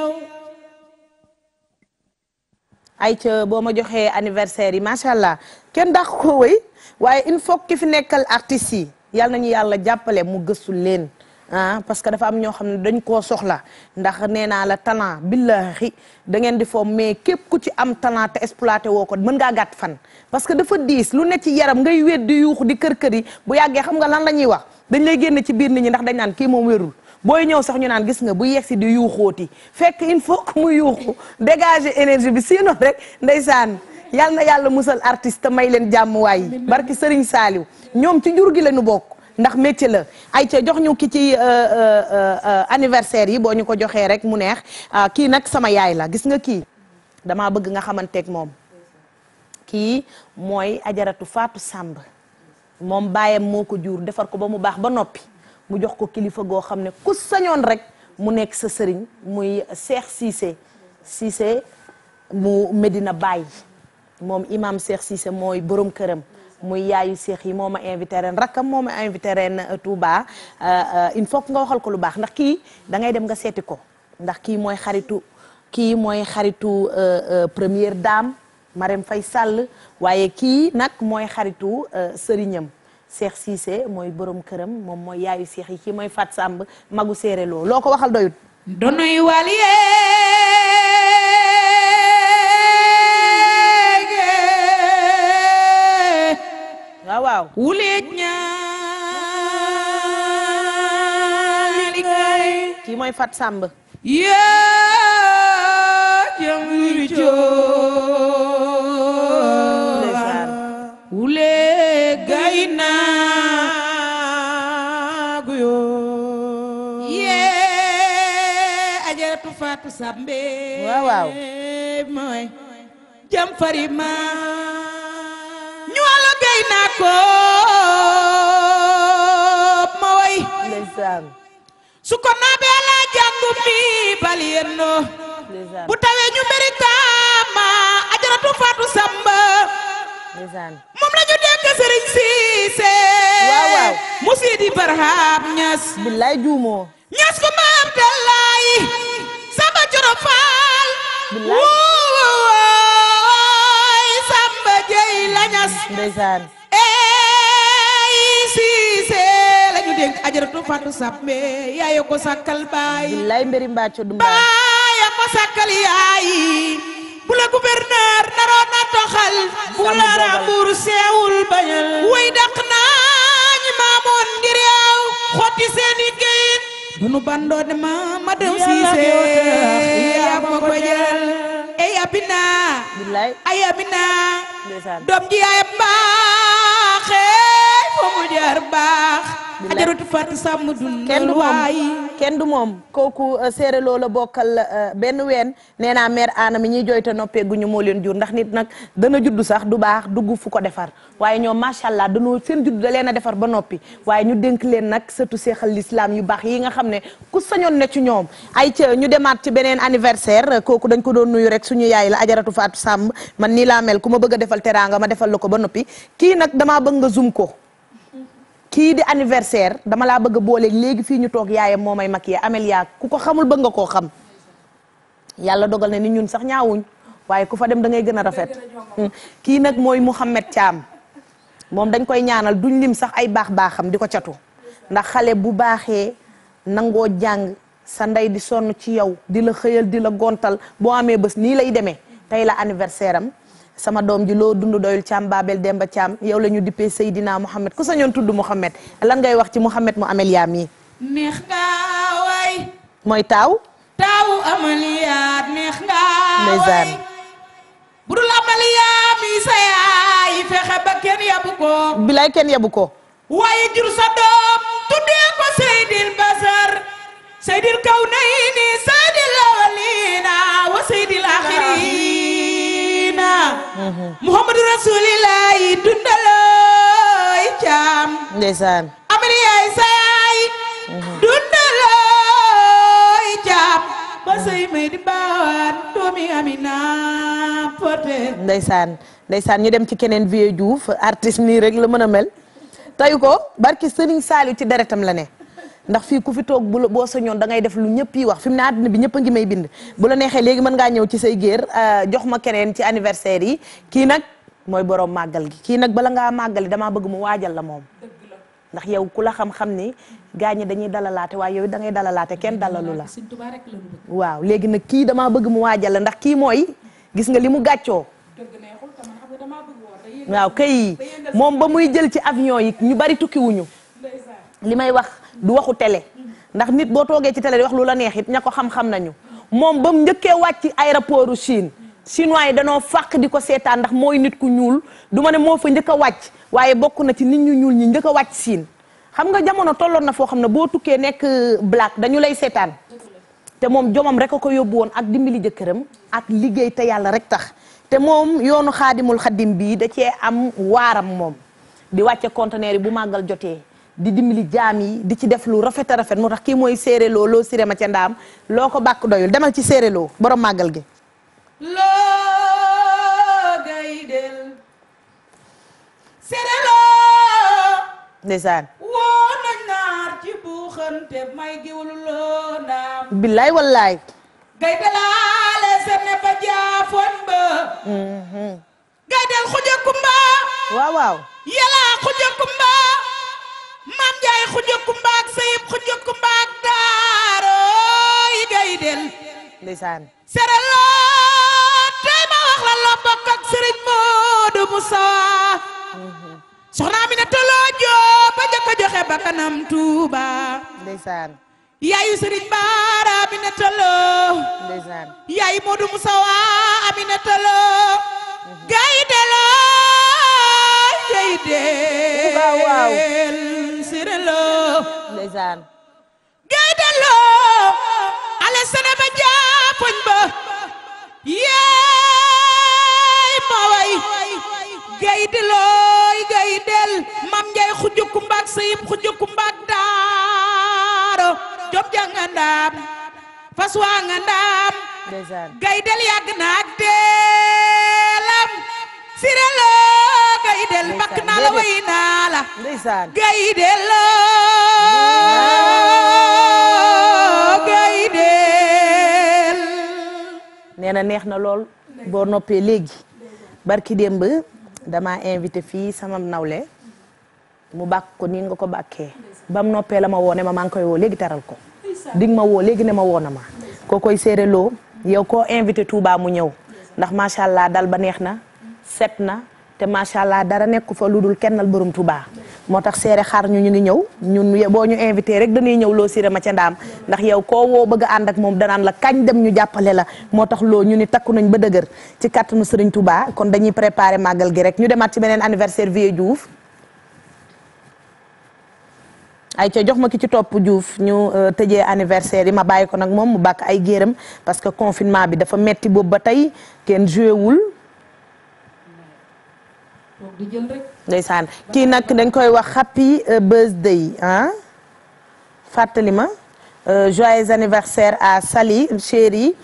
ay ca boo ma joxee anniversaire yi macha allah kenn dàq ko wëy waaye il faut ki fi nekkal artistes yi yal nañu yàlla jàppale mu gëstu leen ah parce que dafa am ñoo xam ne dañ koo soxla ndax nee naa la talent billahi da ngeen di foom mais képp ku ci am talent te exploité woo ko mën ngaa gàtt fan parce que dafa diis lu ne ci yaram ngay wéet di yuuxu di kër kër yi bu yàggee xam nga lan la ñuy wax dañ lay génne ci biir nit ñi ndax dañ naan kii moom wérul booy ñëw sax ñu naan gis nga bu yegsi di yuuxooti fekk il faut que mu yuuxu dégager énergie bi sinon rek ndeysaan yal na yàlla musal artist may leen jàmm waay barki Serigne Saliou ñoom ci jur gi lañu bokk ndax métier la ay ca jox ñu ki ci euh, euh, euh, anniversaire yi boo ñu ko joxee rek mu neex ah, kii nag sama yaay la gis nga kii damaa bëgg nga xamanteeg moom kii mooy ajaratu faatu Samb moom baayam moo ko jur defar ko ba mu baax ba noppi mu jox ko kilifa goo xam ne ku sañoon rek mu nekk sa sëriñ muy Cheikh Cissé Cissé mu Medina bàyyi moom imam Cheikh Cissé mooy borom këram muy yaayu seex yi moo ma invité ren rakkam moo ma invité ren euh, Touba euh, euh, il faut nga waxal ko lu baax ndax kii dangay dem nga seeti ko ndax kii mooy xaritu kii mooy xaritu première dame Marème Faye Sall waaye kii nag mooy xaritu sëriñam Cheikh Cissé mooy borom këram moom mooy yaayu seex yi kii mooy Fat sàmb magu séeré loo loo ko waxal doyut donoy wàll yee waaw waaw wuleej ñaari kay mooy Fat Samb yaa jam wiri coola wuleej gay naagu yoo yee ajaratu Fatou Sambe jam fari maa naat boob ma way su ko naabee laa jàngu mi bal yennoo bu tawee ñu mbiri kaama ajaratu faatu samba moom lañu dégg sëriñ siise mu siidi barhaam ñas billaay juumoo ñas ko maam dallaayi samba coro faal ndeysaan ey siise lañu dénk ajaratu Fatou Sambe yaaye ko sàkkal baay billaay mbiri mbàcco du baaya ko yaay bu la gouverneur naroon na toxal bu la ràmbur seewul bañal way daq naa ñi maamoon ngir xotti seeni kayit dunu bandoo de ma madame Cissé yaa ma ko ey abina ay abina doom ji yaay baaxee fa mu jaar baax ajaratu Fatou sàmm dund kenn du moom kenn du moom kooku euh, séeré loola bokkal euh, benn ween nee naa mère Anna mi ñuy jooyte noppee gu ñu moo leen jur ndax nit nag dana juddu sax du baax dugg fu ko defar waaye ñoom macha allah danoo seen juddu da leen a defar ba noppi waaye ñu dénk leen nag surtout seexal lislaam yu baax yi nga xam ne ku sañoon ne ci ñoom ay ca ñu demaat ci beneen anniversaire kooku dañ ko doon nuyu rek suñu yaay la ajaratu Fatou sàmm man nii laa mel ku ma a defal teraanga ma defal la ko ba noppi kii nag damaa bëgg nga zoom ko kii di anniversaire dama laa bëgg a booleeg léegi fii ñu toog yaayam moo may maquillé Amélia ku ko xamul bëgg nga koo xam yàlla dogal na ni ñun sax ñaawuñ waaye ku fa dem da ngay gën a rafet hmm. kii nag mooy Mouhamed caam moom dañ koy ñaanal duñ lim sax ay baax baaxam di ko catu ndax xale bu baaxee nangoo jàng sa ndey di sonn ci yow di la xëyal di la gontal boo amee bés nii lay demee tey la anniversaire am sama doom ji loo dund doyul Thiam Babel Demba Thiam yow la ñu dippee Seydina Mouhamed ku sañoon tudd Mouhamed lan ngay wax ci Mouhamed mu Amelia mii. neex nga waay. mooy taaw. taawu Amelia neex nga waay. ndeysaan. budul Amelia sa yaay fexe ba kenn yabu ko. bilay kenn yabu ko. waaye jur sa doom tuddee ko Seydil Basar Seydil Kawnayni Seydil Awalina wa Seydil Axirin muhammadu rasulillahi dundalooy caam ndeysaan amari yaay saay mhm. dundalooy caam ba sëy may di baawaan doomi amina pote ndeysaan ndeysaan ñu dem ci keneen Vieux Diouf artiste nii rek la mën a mel tayu ko barki sëriñ Saliou ci deretam la ne ndax fii ku fi toog bu la boo sañoon da ngay def lu ñëpp yi wax fi mu ne àddina bi ñëpp ngi may bind bu la neexee léegi mën ngaa ñëw ci say géer euh, jox ma keneen ci anniversaire yi kii nag mooy borom màggal gi kii nag bala ngaa màggali damaa bëgg mu waajal la moom ndax yow ku la xam-xam gaa ñi dañuy dalalaate waaye yow da ngay dalalaate kenn dalalu la waaw léegi nag kii damaa bëgg mu waajal ndax kii mooy gis nga li mu gàccoo waaw kay moom ba muy jël ci avion yi ñu bari tukki wuñu li may wax du waxu télé ndax nit boo toogee ci télé di wax lu la neex ña ko xam-xam nañu moom ba mu njëkkee wàcc aéroportu Chine chinois yi danoo fàq di ko seetaan ndax mooy nit ku ñuul du ma ne moo fa njëkk a wàcc waaye bokk na ci nit ñu ñuul ñi njëkk a wàcc siin xam nga jamono tolloon na foo xam ne boo tukkee nekk euh, black dañu lay seetaan te moom jomam rek a ko yóbbu woon ak dimbali jëkkëram ak liggéey te yàlla rek tax te moom yoonu xaadimul xadim bii da cee am waaram moom di wàcce conteneur yi bu màggal jotee di dimbali jaam yi di ci def lu rafet a rafet moo tax kii mooy séeréloo loo siré ma ca ndaam loo ko bàkk doyul demal ci séeréloo borom màggal gi loo gay del loo billaay wallaay gay delaale sa ne ba ba mm-hmm. gay del xuja waaw waaw yàlla xuja kumba maam Njaay xuj ak kumbaak sayib xuj daarooy gay sere loo tey ma wax la loo bokk ak sëriñ Moodu Musa mhm. soxna Aminata Loo Joob ba jëkk a joxe ba kanam Tuuba yaayu sëriñ Baara Aminata Loo yaayu Moodu Musa waa Aminata Loo gay delooy Jibril ale sene ba jaapoñ ba yeey ma way gayda mam njay xujju kumbaak sayib xujju kumbaak daaro jom janga ndaam fas waa nga ndaam gaydel yàgg na ak deelam sirelo gaydel bakk naa la way la gaydel oh, gaydel nee na neex na lool boo noppee léegi barki démb dama invité fii sama nawle mu bàkk ko nii nga ko bàkkee bam noppee la ma woone ma maa ngi koy woo léegi taral ko dig ma woo léegi ne ma woo na ma koo koy séeréloo yow koo invité Touba mu ñëw ndax macha allah dal ba neex na set na te macha allah dara nekku fa lu dul kennal borom Touba moo tax seere xar ñu ñu ni ñëw ñu boo ñu invité rek dañuy ñëw loo siré ma ca ndaam ndax yow koo woo bëgg a ànd ak moom danaan la kañ dem ñu jàppale la moo tax loo ñu ni takku nañ ba dëgër ci kàttanu Sëriñ Touba kon dañuy préparé màggal gi rek ñu demaat ci beneen anniversaire Vieux Diouf ay ca jox ma ki ci topp juuf ñu euh, tëjee anniversaire yi ma bàyyi ko nag moom mu bàkk ay géeram parce que confinement bi dafa metti boobu ba tey kenn joué wul di jël rek. kii nag dañ koy wax happy euh, birthday ah fàttali ma euh, joyeux anniversaire à Sali cheri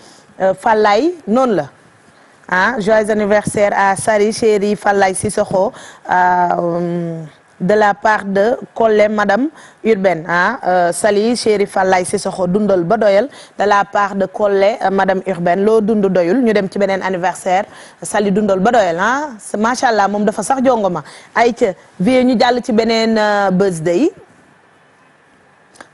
euh, Fallay noon la ah joyeux anniversaire à Sali chérie Fallay Cissokho. de la part de Collé madame urbaine ah euh, Sali Chéri si soxo dundal ba doyal de la part de Collé euh, madame urbaine loo dund doyul ñu dem ci beneen anniversaire Sali dundal ba doyal ah macha allah moom dafa sax jongo ma ay ca vie ñu dàll ci beneen euh, birthday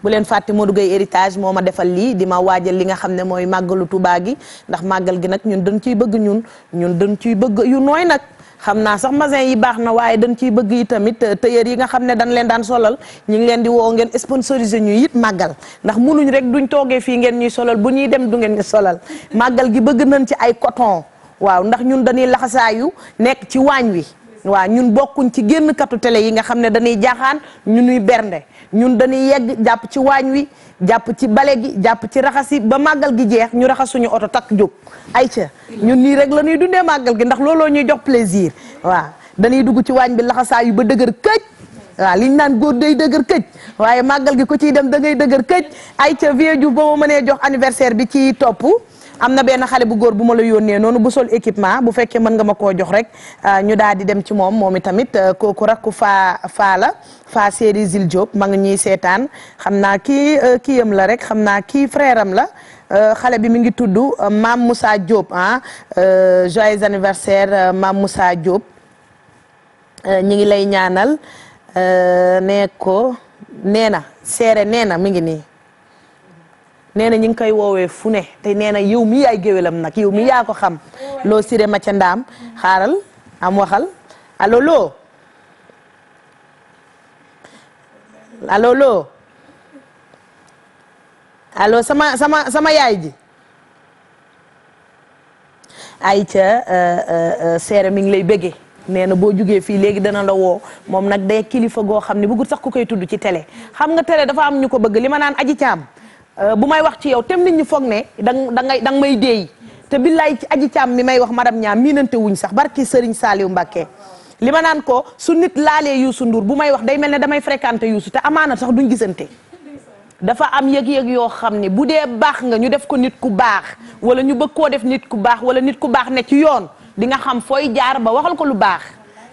bu leen fàtte Modou Gueye héritage moo ma defal lii di ma waajal li nga xam ne mooy màggalu Tuubaa gi ndax màggal gi nag ñun dañ ciy bëgg ñun ñun dañ ciy bëgg yu nooy nag xam naa sax masin yi baax na waaye dañ ciy bëgg yi tamit euh, tailleur yi nga xam ne dañ leen daan solal ñu ngi leen di woo ngeen sponsoriser ñu it màggal ndax munuñ rek duñ toogee fii ngeen ñuy solal bu ñuy dem du ngeen ñu solal màggal gi bëgg nañ ci ay coton waaw ndax ñun dañuy laxasaayu nekk ci waañ wi waaw ñun bokkuñ ci génn katu télé yi nga xam ne dañuy jaaxaan ñu nuy bernde ñun dañuy yegg jàpp ci waañ wi jàpp ci bale gi jàpp ci raxas yi ba màggal gi jeex ñu raxas suñu oto takk jóg ay ca ñun nii rek la ñuy dundee màggal gi ndax looloo ñuy jox plaisir waaw dañuy dugg ci waañ bi laxasaa yu ba dëgër këj waaw liñ naan góor day dëgër këj waaye màggal gi ko ciy dem da ngay dëgër këj ay ca vieux ju ba ma mënee jox anniversaire bi ci topp am na benn xale bu bu ma la yónnee noonu bu sol équipement bu fekkee mën nga ma koo jox rek euh, ñu daal di dem ci moom moom itamit euh, kooku rakku faa faa la faa séeri Zil Diop ma ngi ñuy seetaan xam naa kii euh, kiyam la rek xam naa kii frère la xale bi mi ngi tudd Mame Moussa Diop ah joyeux anniversaire maam Moussa Diop ñi ngi lay ñaanal nee ko nee na seere nee na mi ngi nii nee na ñu ngi koy woowee fu ne te nee na yow mi yaay géwélam nag yow mi yaa ko xam loo siré ma ca ndaam xaaral am waxal alo loo allo loo allo sama sama sama yaay ji Aïcha euh, euh, euh, seere mi ngi lay bëggee nee na boo jugee fii léegi dana la woo moom nag de kilifa goo xam ne bëggul sax ku koy tudd ci tele xam nga télé dafa am ñu ko bëgg li ma naan aji caam Euh, bu may wax ci yow tem nit ñi foog ne dang dangay dang may déey te billaay ci aji càmm mi may wax madame ñaam miinante wuñ sax barki Serigne Saliou Mbacké li ma naan ko su nit laalee Youssou Ndour bu may wax day mel ne damay fréquenté Youssou te amaana sax duñ gisante dafa am yëg-yëg yoo xam ne bu dee baax nga ñu def ko nit ku baax wala ñu bëgg koo def nit ku baax wala nit ku baax ne ci yoon di nga xam fooy jaar ba waxal ko lu baax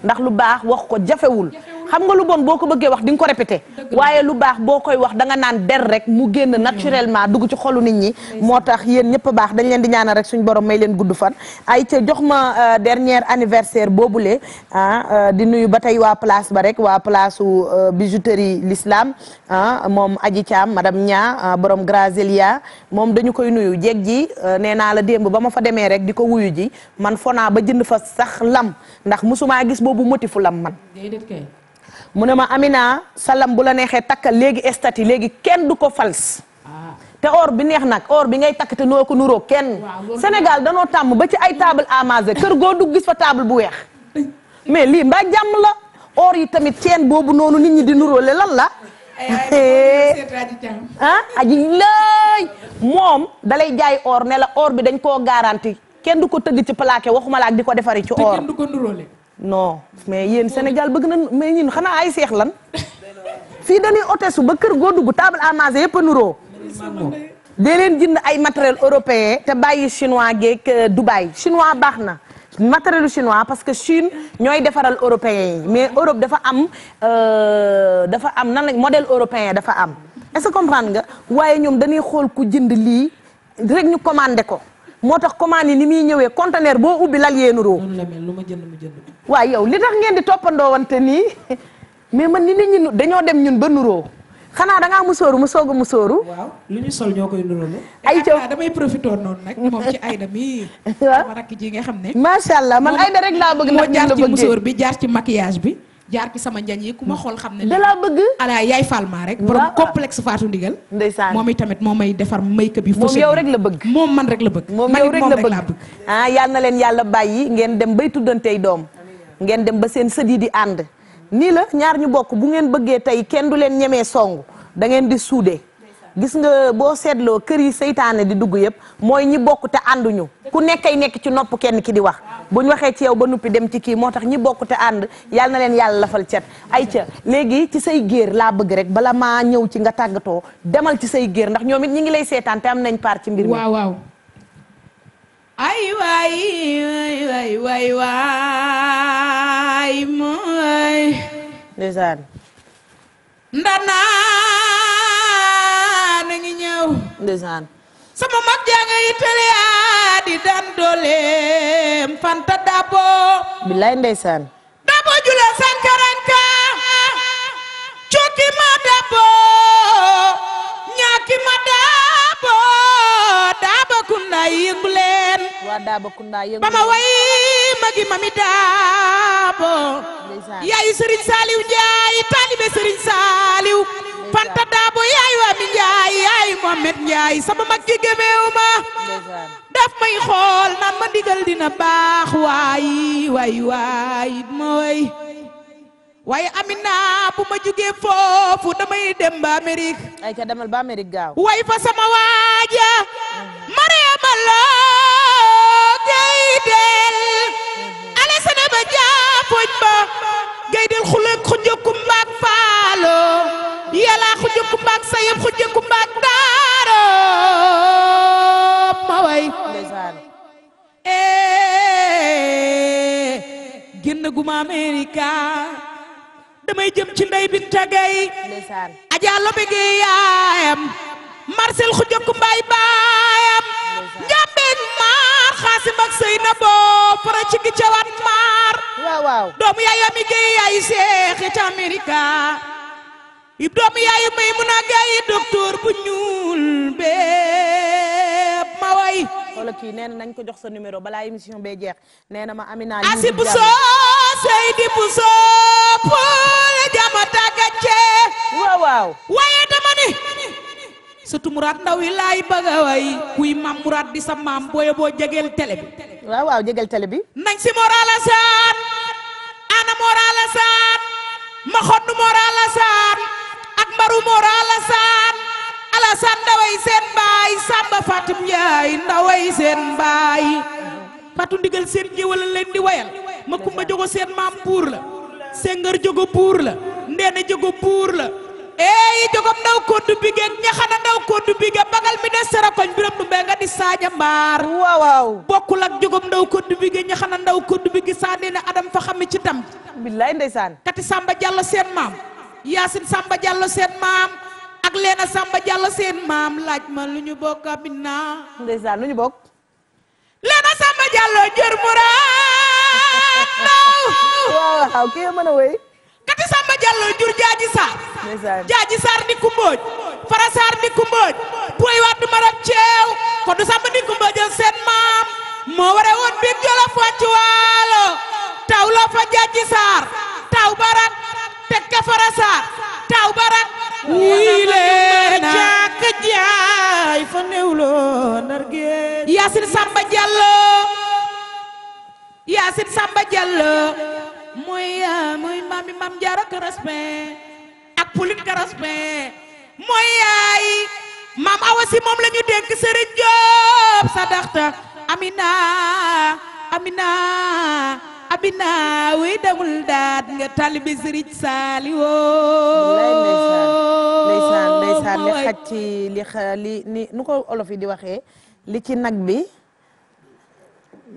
ndax lu baax wax ko jafewul xam nga lu bon boo ko bëggee wax di nga ko répété waaye lu baax boo koy wax danga naan der rek mu génn naturellement dugg ci xolu nit ñi moo tax yéen ñëpp baax dañ leen di ñaana rek suñu borom may leen gudd fan ay ca jox ma euh, dernier anniversaire boobule ah euh, di nuyu ba tey waa place ba rek waa place u euh, bijouterie l'islam ah moom aji Thiam madame Nia ah, borom Grazelia moom dañu koy nuyu jeeg ji nee naa la démb ba ma fa demee rek di ko wuyu ji man fonaa ba jënd fa sax lam ndax musuma gis boobu motifu lam man mu ne ma Amina salam bu la neexee takkal léegi estati léegi kenn du ko fals ah. te or bi neex nag or bi ngay takk te noo ko nuroo kenn Sénégal danoo tàmm ba ci ay table amasé kër goo dugg gis fa table bu weex mais lii mbaa jàmm la or yi tamit ceen boobu noonu nit ñi di nuróole lan la ah aji lay moom dalay jaay or ne la or bi dañ koo garanti kenn du ko tëgg ci plaqué waxuma la di ko defari ci or non mais yéen Sénégal bëgg na mais ñun xanaa ay seex lan fii dañuy otesu ba kër goo dugg table à manger yëpp a nuroo dee leen jënd ay matériel européen te bàyyi chinois geeg euh, Dubaï chinois baax na matériel chinois parce que Chine ñooy defaral européen yi mais Europe dafa am euh, dafa am nan lañ modèle européen dafa am est-ce que comprendre nga waaye ñoom dañuy xool ku jënd lii rek ñu commandé ko moo tax commande yi ni muy ñëwee conteneur boo ubbi lal yee nuroo. noonu la mel lu ma jënd ma jënd. waaw yow li tax ngeen di toppandoo wante nii mais man ni nit ñi dañoo dem ñun ba nuroo xanaa da ngaa musóoru mu soog a musóoru. waaw li ñu sol ñoo koy nuróolu. ay ca damay profité noonu nag moom ci Aïda mi. waaw nga xam ne. macha allah man Aïda rek laa bëgg. laa moo jaar ci musóor bi jaar ci maquillage bi. jaar ci sama njañ yi ku ma xool xam ne. da laa bëgg. ala yaay Fall maa rek. borom complexe Fatou Ndigal. ndeysaan moom itamit moo may defar make-up bi. moom yow rek la bëgg moom man rek la bëgg. moom yow rek la bëgg man ah yal na leen yàlla bàyyi ngeen dem bay tuddantey doom. ngeen dem ba seen sët yi di ànd. nii la ñaar ñu bokk bu ngeen bëggee tey kenn du leen ñemee songu da ngeen di suudee gis nga boo seetloo kër yi seytaane di dugg yëpp mooy ñi bokk te ànduñu ku nekkay nekk ci nopp kenn ki di wax bu ñu waxee ci yow ba nuppi dem ci kii moo tax ñi bokk te ànd yàlla na leen yàlla lafal cet ay ca léegi ci say géer laa bëgg rek bala maa ñëw ci nga tàggatoo demal ci say géer ndax ñoom it ñi ngi lay seetaan te am nañ part ci mbir mi waaw waaw ay ndanaa Ilimaan a ngi ñëw mag jaa nga italiyaa di dabo billaay ndeysaan dabo jula sankaranka cokki ma dabo ñaaki ma dabo Njaay yëngu leen waa Dabakounda yëngu yaayu Serigne Saliou Njaay taalibe Serigne Saliou Fanta Daabo yaayu Ami Njaay yaayu Mohamed Njaay sama mag gi daf may xool naan ma ndigal dina baax waay waay waay ma way waaye Amina bu ma jugee foofu damay dem ba Amérique. way fa sama waaja. Mm. Maria. loo dey del ale sana ba jaafoñ ba gay del xujja kumbaak faalo yàlla xujja kumbaak sayam xujja kumbaak daaro ma way ee eh, génn guma Amerika damay jëm ci ndey bi tagay aja lobe gi yaayam xujja kumbaay baa Xaasim ak Seynabo fara ci gi cawan maar waaw waaw doomu yaayam yi géey yaay seex ca Amerika yi doomu yaayu may mun a gaay docteur bu ma way wala na nañ ko jox sa numéro balaa émission bee jeex nee na ma Amina Asi bu soo Seydi bu soo Poul Jamata Gacce surtout Mourad Ndaw yi laay bëgg way kuy maam Mourad di sa maam booy boo jegeel télé bi. waaw waaw jegeel télé bi. nañ si Moral Assane ana Moral Assane ma xonnu Moral Assane ak mbaru Moral Assane Alassane ndaway seen baay Samba Fatim Ndiaye ndaway seen baay Fatou ndigal seen géwël leen di wayal ma kumba jogo seen maam puur la Senghor jogo puur la Ndeene jogo puur la. eyi jogom ndaw koddu bige ñaxana ndaw koddu bige bagal mi des sara biram nu mbee nga di saaja mbaar waaw waaw bokkul ak jogom ndaw koddu bige ñaxana ndaw koddu bige saa nee na adam fa xame ci tam billaay ndeysaan kati samba jàllo seen maam yaasin samba jàllo seen maam ak leena samba jàllo seen maam laaj ma lu ñu bokk amit naa lu ñu bokk leena samba jàllo jër muraad waaw waaw kii mën Samba Diallo jur Jaaji Saar Jaaji Saar ndikku mbooj Fara Saar ndikku mbooj Boy Wade maram ceew kon du Samba maam moo waree woon biir Jolof wàcc waalo taw la fa Jaaji taw barak teg ka taw barak wii leen jàkk jaay fa newloo ndar géej Yaasin Samba Diallo Yaasin Samba Diallo muy eh, muy mami mam jaara ka respect ak pulit ka respect mooy yaay maam awa moom la ñu dénk sëriñ Jóob sadaxta amina amina amina wey demul daat nga talibi sëriñ Saaliwoo ndeysaan ndeysaan li xaj ci li ni nu ko olof yi di waxee li ci nag bi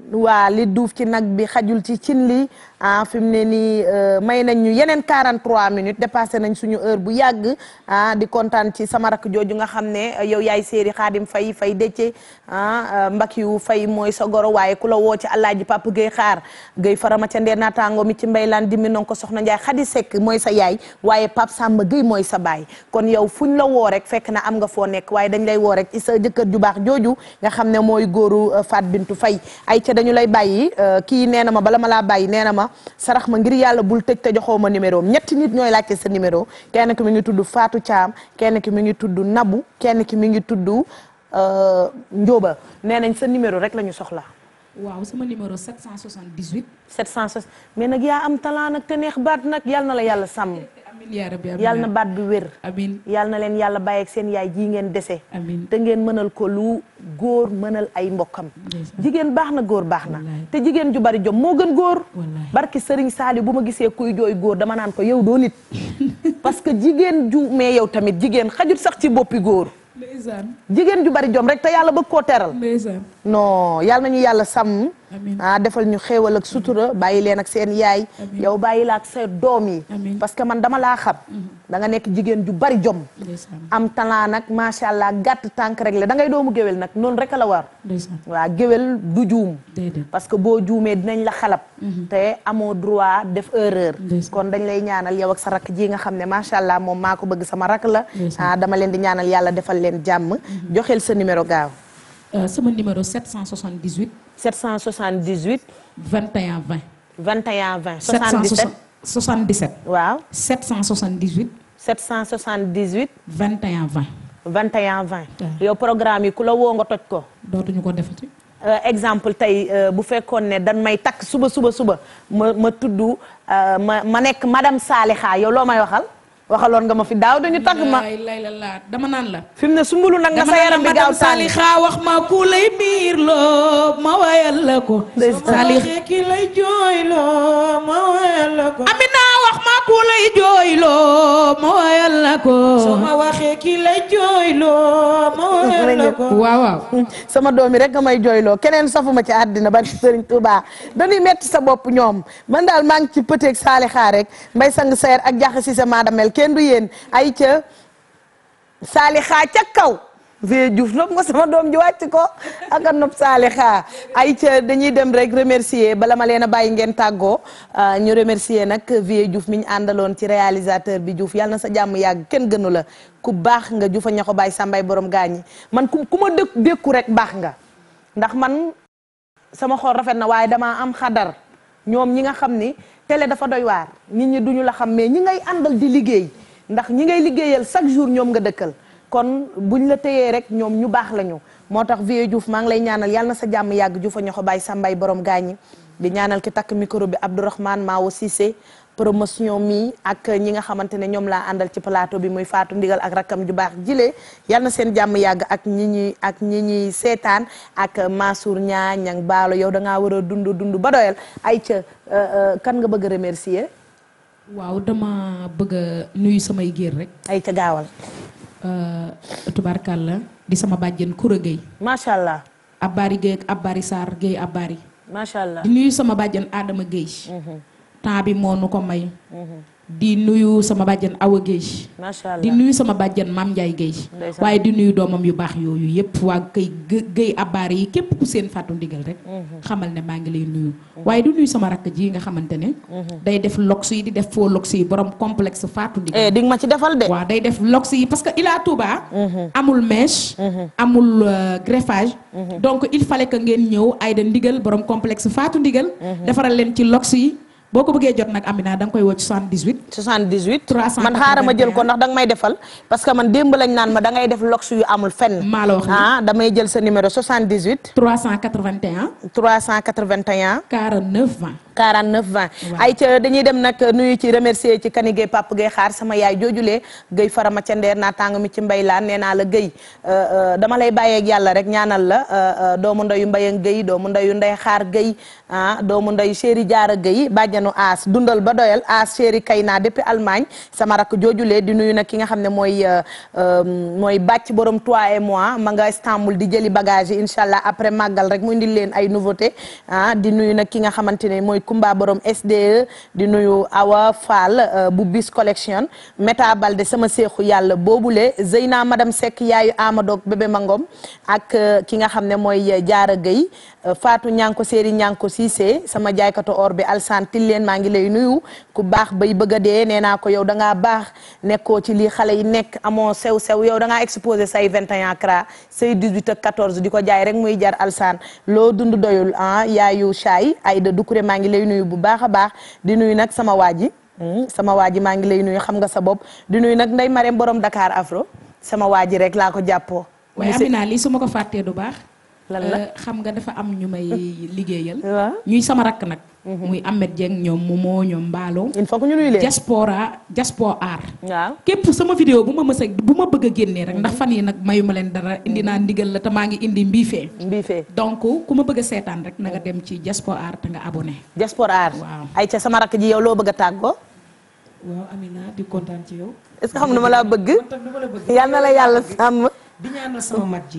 waa li duuf ci nag bi xajul ci cin li ah fi mu ne nii euh, may nañ ñu yeneen 43 minutes dépassé nañ suñu heure bu yàgg ah di kontaan ci sama rakk jooju nga xam ne euh, yow yaay séeri xaadim fay fay dece ah euh, mbak yu fay mooy sa goro waaye ku la woo ci àllaaji papa gay xaar gay farama ca ndee naataango mi ci mbaylaan dimmi non ko soxna njaay xadi sekk mooy sa yaay waaye pap sàmba gay mooy sa baay kon yow fuñ la woo rek fekk na am nga foo nekk waaye dañ lay woo rek ci sa jëkkër ju baax jooju nga xam ne mooy góoru Fat Bintu Fay ay dañu lay bàyyi kii nee na ma bala ma laa bàyyi nee na ma sarax ma ngir yàlla bul tëj te joxoo ma numéro ñetti nit ñooy laajte sa numéro kenn ki mi ngi tudd faatu caam kenn ki mi ngi tudd nabu kenn ki mi ngi tudd euh, Njóoba nee nañ sa numéro rek la ñu soxla. waaw sama numéro 778. 778 mais nag yaa am talent nag te neex baat nag yàlla na la yàlla sàmm. yal na baat bi wér yal na leen yàlla bàyyeeg seen yaay jii ngeen dese te ngeen mënal ko lu góor mënal ay mbokkam jigéen baax na góor baax na te jigéen ju bari jom moo gën góor barki sëriñ Saali bu ma gisee kuy jooy góor dama naan ko yow doo nit parce que jigéen ju mais yow tamit jigéen xajut sax ci boppi góor jigéen ju bari jom rek te yàlla bëgg koo teral non yàlla ñu yàlla sàmm ah defal ñu xewal ak sutura bàyyi leen ak seen yaay yow bàyyi la ak sa doom yi parce que man dama laa xam mhm. da nekk jigéen ju bari jom am talent nag macha allah gàtt tànk rek la da ngay doomu géwél nag noonu rek a la war waa géwél du juum parce que boo juumee dinañ la xalab mhm. te amoo droit def erreur kon dañ lay ñaanal yow ak sa rakk ji nga xam ne macha allah moom maa ko bëgg sama jàmm. joxeel sa numéro gaaw. Euh, sama numéro 778. 778. 21 20. 21 20 77 77. waaw 778. 778. 21 20. 21 20. yow programme yi ku la woo nga toj ko. dootuñu ko defati. Euh, exemple tey euh, bu fekkoon ne dan may takk suba suba suba ma ma tudd ma ma nekk madame Saliha yow loo may waxal. waxaloon nga ma fi daaw dañu tagg ma lay laa dama naan la fi mu ne sumbulu nag nga sa yaram bi gaaw saali xaa wax ma ku lay biir loo ma wayal la ko saali ki lay jooy loo ma wayal la ko wax ma ku lay jooyloo sama waxee ki doom yi rek may jooyloo keneen safuma ci àddina barki Serigne Touba dañuy metti sa bopp ñoom man daal maa ngi ci pëteeg saali rek mbay sang seer ak jaxasi sa maadamel kenn du yéen ay ca saali ca kaw. vie Diouf nopp nga sama doom ji wàcc ko aka nopp saali xaa ay ca dañuy dem rek remercier bala ma leen a bàyyi ngeen tàggoo euh, ñu remercier nag vie Diouf mi ñu àndaloon ci réalisateur bi Diouf yàlla na sa jàmm yàgg kenn gënu la ku baax nga Diouf a ña ko bàyyi boroom gaa ñi man ku ku ma dëkk dékku rek baax nga ndax man sama xool rafet na waaye dama am xadar ñoom ñi nga xam ni télé dafa doy waar nit ñi duñu la xam mais ñi ngay àndal di liggéey ndax ñi ngay liggéeyal chaque jour ñoom nga dëkkal kon buñ la téyee rek ñoom ñu baax lañu moo tax Vieux Diouf maa ngi lay ñaanal yàlla na sa jàmm yàgg Diouf a ñoxo bàyyi sàmbay borom gaañi di ñaanal ki takk micro bi Abdourahmane Mawo Cissé promotion mii ak ñi nga xamante ne ñoom laa àndal ci palaato bi muy Faatu Ndigal ak rakkam ju baax jile yal na seen jàmm yàgg ak ñi ñuy ak ñi ñuy seetaan ak Mansour ñaa ñang baalo yow da ngaa war a dund dund ba doyal ay ca euh, euh, kan nga bëgg a remercier waaw dama bëgg a samay géer rek ay ca gaawal Euh, tubarkalla di sama bàjjen Koura Gueye. macha allah. Abari Gueye ak Abari Sarr Gueye Abari. macha allah di nuyu sama bàjjen Adama Gueye. Mhm. temps bi moo nu ko may. Mhm. di nuyu sama bàjjan Awa Guèye. macha allah di nuyu sama bàjjan Maam Ndiaye Guèye. waaye di nuyu doomam yu baax yooyu yëpp waa kay Guèye abaar yi képp ku seen fàttu ndigal rek. Mhm. xamal ne maa ngi lay nuyu. waaye di nuyu sama rakk ji nga xamante ne. Mhm. day def lox yi di def faux lox yi borom complexe faatu ndigal. Eh, di ma ci defal de. waaw day def lox yi parce que Ila Touba. Mhm. amul mèche. amul euh, greffage. donc il fa que ngeen ñëw ay da ndigal borom complexe faatu ndigal. defaral leen ci lox yi. boo ko bëggee jot nag Amina da nga koy woo ci 78. 78 300 man xaaral jël ko ndax da may defal parce que man démb lañ naan ma da ngay def lox yu amul fenn. maa la wax ah damay jël sa numéro 78. 381. 381. 49 20. 49 20 ay ca dañuy dem nag nuyu ci remercier ci kani gay gay xaar sama yaay joojulee gay farama ca ndeer naataango mi ci mbay laa nee naa la gay euh, euh, dama lay bàyyeeg yàlla rek ñaanal la euh, doomu ndeyu mbayan gay doomu ndeyu ndey xaar gay ah doomu ndeyu chéri jaara gay bàjjan capitaine aas dundal ba doyal aas chéri kay naa depuis Allemagne sama rakk joojulee di nuyu nag ki nga xam ne mooy euh, euh, mooy bàcc borom trois et moi ma nga Istanbul di jëli bagage yi incha allah après màggal rek mu indi leen ay nouveauté ah di nuyu nag ki nga xamante ne mooy Kumba borom SDE di nuyu Awa fal euh, bu bis collection Meta Balde sama seexu yàlla boobule Zeyna madame Seck yaayu Amadou bébé Mangom ak ki nga xam ne mooy Jaara Gueye Fatou ñanko Séeri ñanko Cissé sama jaaykatu or bi Tille Diène maa ngi lay nuyu ku baax bay bëgg dee nee naa ko yow da ngaa baax nekkoo ci lii xale yi nekk amoo sew sew yow da exposé say 21 cra say 18 ak 14 di ko jaay rek muy jar alsaan loo dund doyul ah yaayu ay da Doucouré maa ngi lay nuyu bu baax a baax di nuyu nag sama waa ji hmm, sama waa ji maa ngi lay nuyu xam nga sa bopp di nuyu nag nday Marème boroom dakaar Afro sama waa ji rek laa ko jàppoo. waaye Amina lii su ko fàttee du baax. lan euh, xam nga dafa am ñu may liggéeyal. ñuy sama rakk nag. Mhm. muy Ahmed Dieng ñoom Momo ñoom Mballo. il faut que ñu nuyu leen diaspora diaspora art. waaw képp sama vidéo bu ma mës a bu ma bëgg a génnee rek ndax mhm. fan yi nag mayuma leen dara indi naa ndigal la te maa ngi indi mbiifee. mbiifee donc ku ma bëgg a seetaan rek na nga dem ci diaspora art te nga abonné. diaspora art ay ca sama rakk ji yow loo bëgg a tàggoo. waaw Amina di kontaan ci yow. est que xam na ma laa bëgg. yal na la yàlla sàmm. di ñaanal sama mat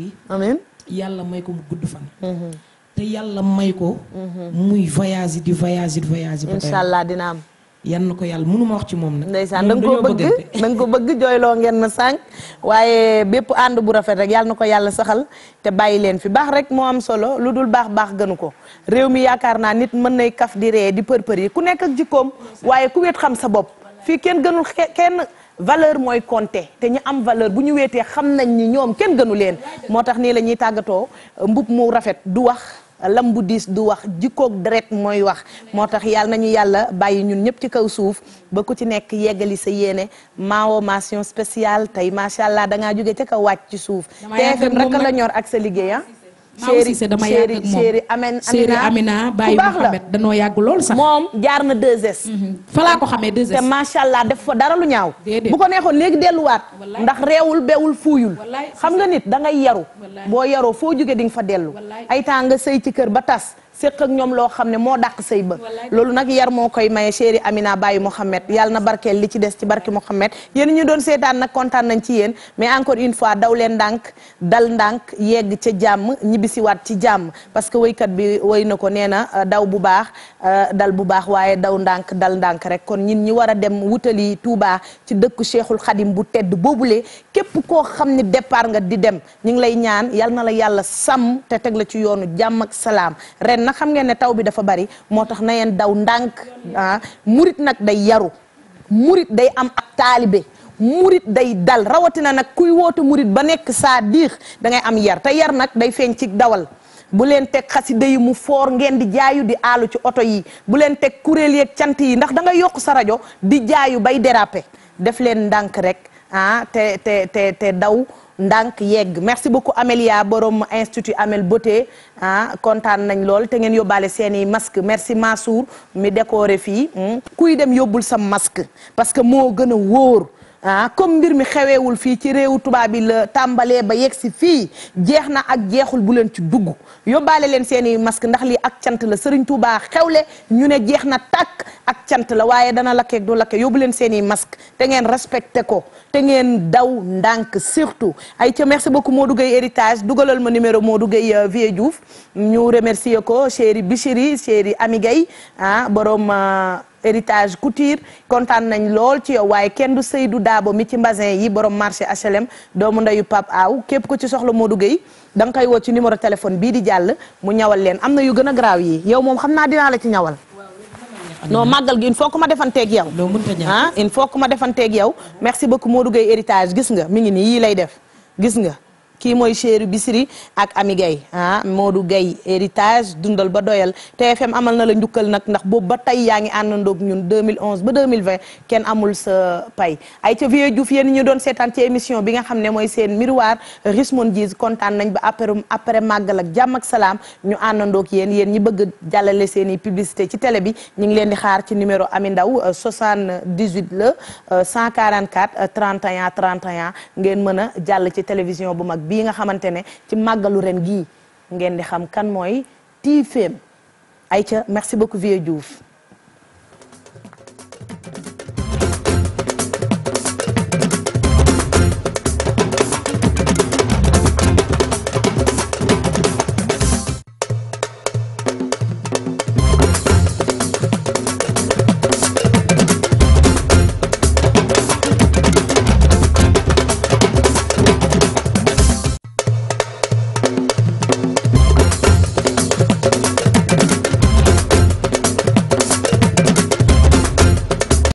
yàlla may ko mu gudd fan. Mhm. te yàlla may ko. Mhm. muy voyage di voyage di voyage. incha allah dina am. yan na ko yàlla mënuma wax ci moom nag. ndeysaan saan nga koo bëgg da nga ko bëgg jooyloo ngeen na sànq. waaye bépp ànd bu rafet rek yàlla na ko yàlla saxal te bàyyi leen fi baax rek moo am solo lu dul baax baax gënu ko réew mi yaakaar naa nit mën nay kaf di ree di përpër yi ku nekk ak jikkoom waaye ku wet xam sa bopp fii kenn gënul kenn. valeur mooy compter te ñu am valeur bu ñu weetee xam nañ ni ñoom kenn gënu leen moo tax nii la ñuy tàggatoo mbub mu rafet du wax lam bu diis du wax jikkoog deret mooy wax moo tax yàlla nañu yàlla bàyyi ñun ñëpp ci kaw suuf ba ku ci nekk yeggali sa yéene maawo mention spéciale tey macha allah da ngaa jóge ca kaw wàcc ci suuf TFM rek la ñor ak sa liggéeyam ah. chéri dama yàgg ak moom chéri Amina bàyyi Amina bàyyi danoo yàgg lool sax. moom jaar na 2S. Mhm. fa laa ko xamee 2S. te macha allah def fa dara lu ñaaw. bu ko neexoon léegi delluwaat. ndax reewul bewul fuuyul. xam nga nit da ngay yaru. boo yaroo foo jógee di fa dellu. ay temps nga sëy ci kër ba tas. séq ak ñoom loo xam ne moo dàq sëy ba loolu nag yar moo koy maye chéri Amina Baye Mohamed yàlla na barkeel li ci des ci barki Mohamed yéen ñu doon seetaan nag kontaan nañ ci yéen mais encore une fois daw leen ndànk dal ndànk yegg ca jàmm ñibbisiwaat ci jàmm parce que woykat bi woy na ko nee na euh, daw bu baax euh, dal bu baax waaye daw ndànk dal ndànk rek kon ñin ñi war a dem wutali Touba ci dëkku Cheikhul Khadim bu tedd boobule képp koo xam ne départ nga di dem ñu ngi lay ñaan yal na la yàlla sàmm te teg la ci yoonu jàmm ak salaam nag xam ngeen ne taw bi dafa bari moo tax na yeen daw ndànk ah. murit nag day yaru murit day am ak taalibe murit day dal rawatina nag kuy wootu murit ba nekk saa diix da ngay am yar te yar nag day feeñ ci dawal bu leen teg xasida yi mu foor ngeen di jaayu di aalu ci oto yi bu leen teg kuréel yeeg cant yi ndax da yokk sa rajo di jaayu bay derape def leen ndànk rek ah te te te daw ndànk yegg merci beaucoup Amélia borom institut Amel Beauté ah kontaan nañ lool te ngeen yóbbaale seen i masque merci Massour mi décoré fii hmm? kuy dem yóbbul sam masque parce que moo gën a wóor ah comme mbir mi xeweewul fii ci réewu tubaab bi la tàmbalee ba yegg si fii jeex na ak jeexul bu leen ci dugg yobbale leen seen i masque ndax lii ak cant la Serigne Touba xewle ñu ne jeex na takk ak cant la waaye dana lakkeeg du lakke yóbbu leen seen i masque te ngeen respecté ko te ngeen daw ndànk surtout ay ca merci beaucoup Modou Gueye héritage dugalal ma numéro Modou Gueye euh, Vieux Diouf ñu remercier ko chéri Bichiri chéri Ami Gueye ah, euh, héritage couture kontaan nañ lool ci yow waaye kenn du Seydou Daabo mi ci mbasin yi borom marché HLM doomu ndeyu pap Aw képp ko ci soxla Modou Gueye da nga koy woo ci numéro téléphone bii di jàll mu ñawal leen am na yu gën a garaaw yi yow moom xam naa dinaa la ci ñawal noo màggal gi il faut ma defanteeg yow ah il faut que ma defanteeg yow merci beaucoup Modou Gueye héritage gis nga mi ngi nii yii lay def gis nga kii mooy chéri Bisiri ak Ami Gaye ah Modou Gaye héritage dundal ba doyal TFM amal na la njukkal nag ndax boobu ba tey yaa ngi àndandoog ñun 2011 ba 2020 kenn amul sa pay ay ca vieux Diouf yéen ñu doon seetaan ci émission bi nga xam ne mooy seen miroir Rismon Diz kontaan nañ ba après après màggal ak jàmm ak salaam ñu àndandoog yéen yéen ñi bëgg jàllale seen i publicité ci télé bi ñu ngi leen di xaar ci numéro Ami Ndaw 78 euh, la 144 31 31 ngeen mën a jàll ci télévision bu mag bii nga xamante ne ci màggalu ren gii ngeen di xam kan mooy tii féem ay ca merci beaucoup vieux Diouf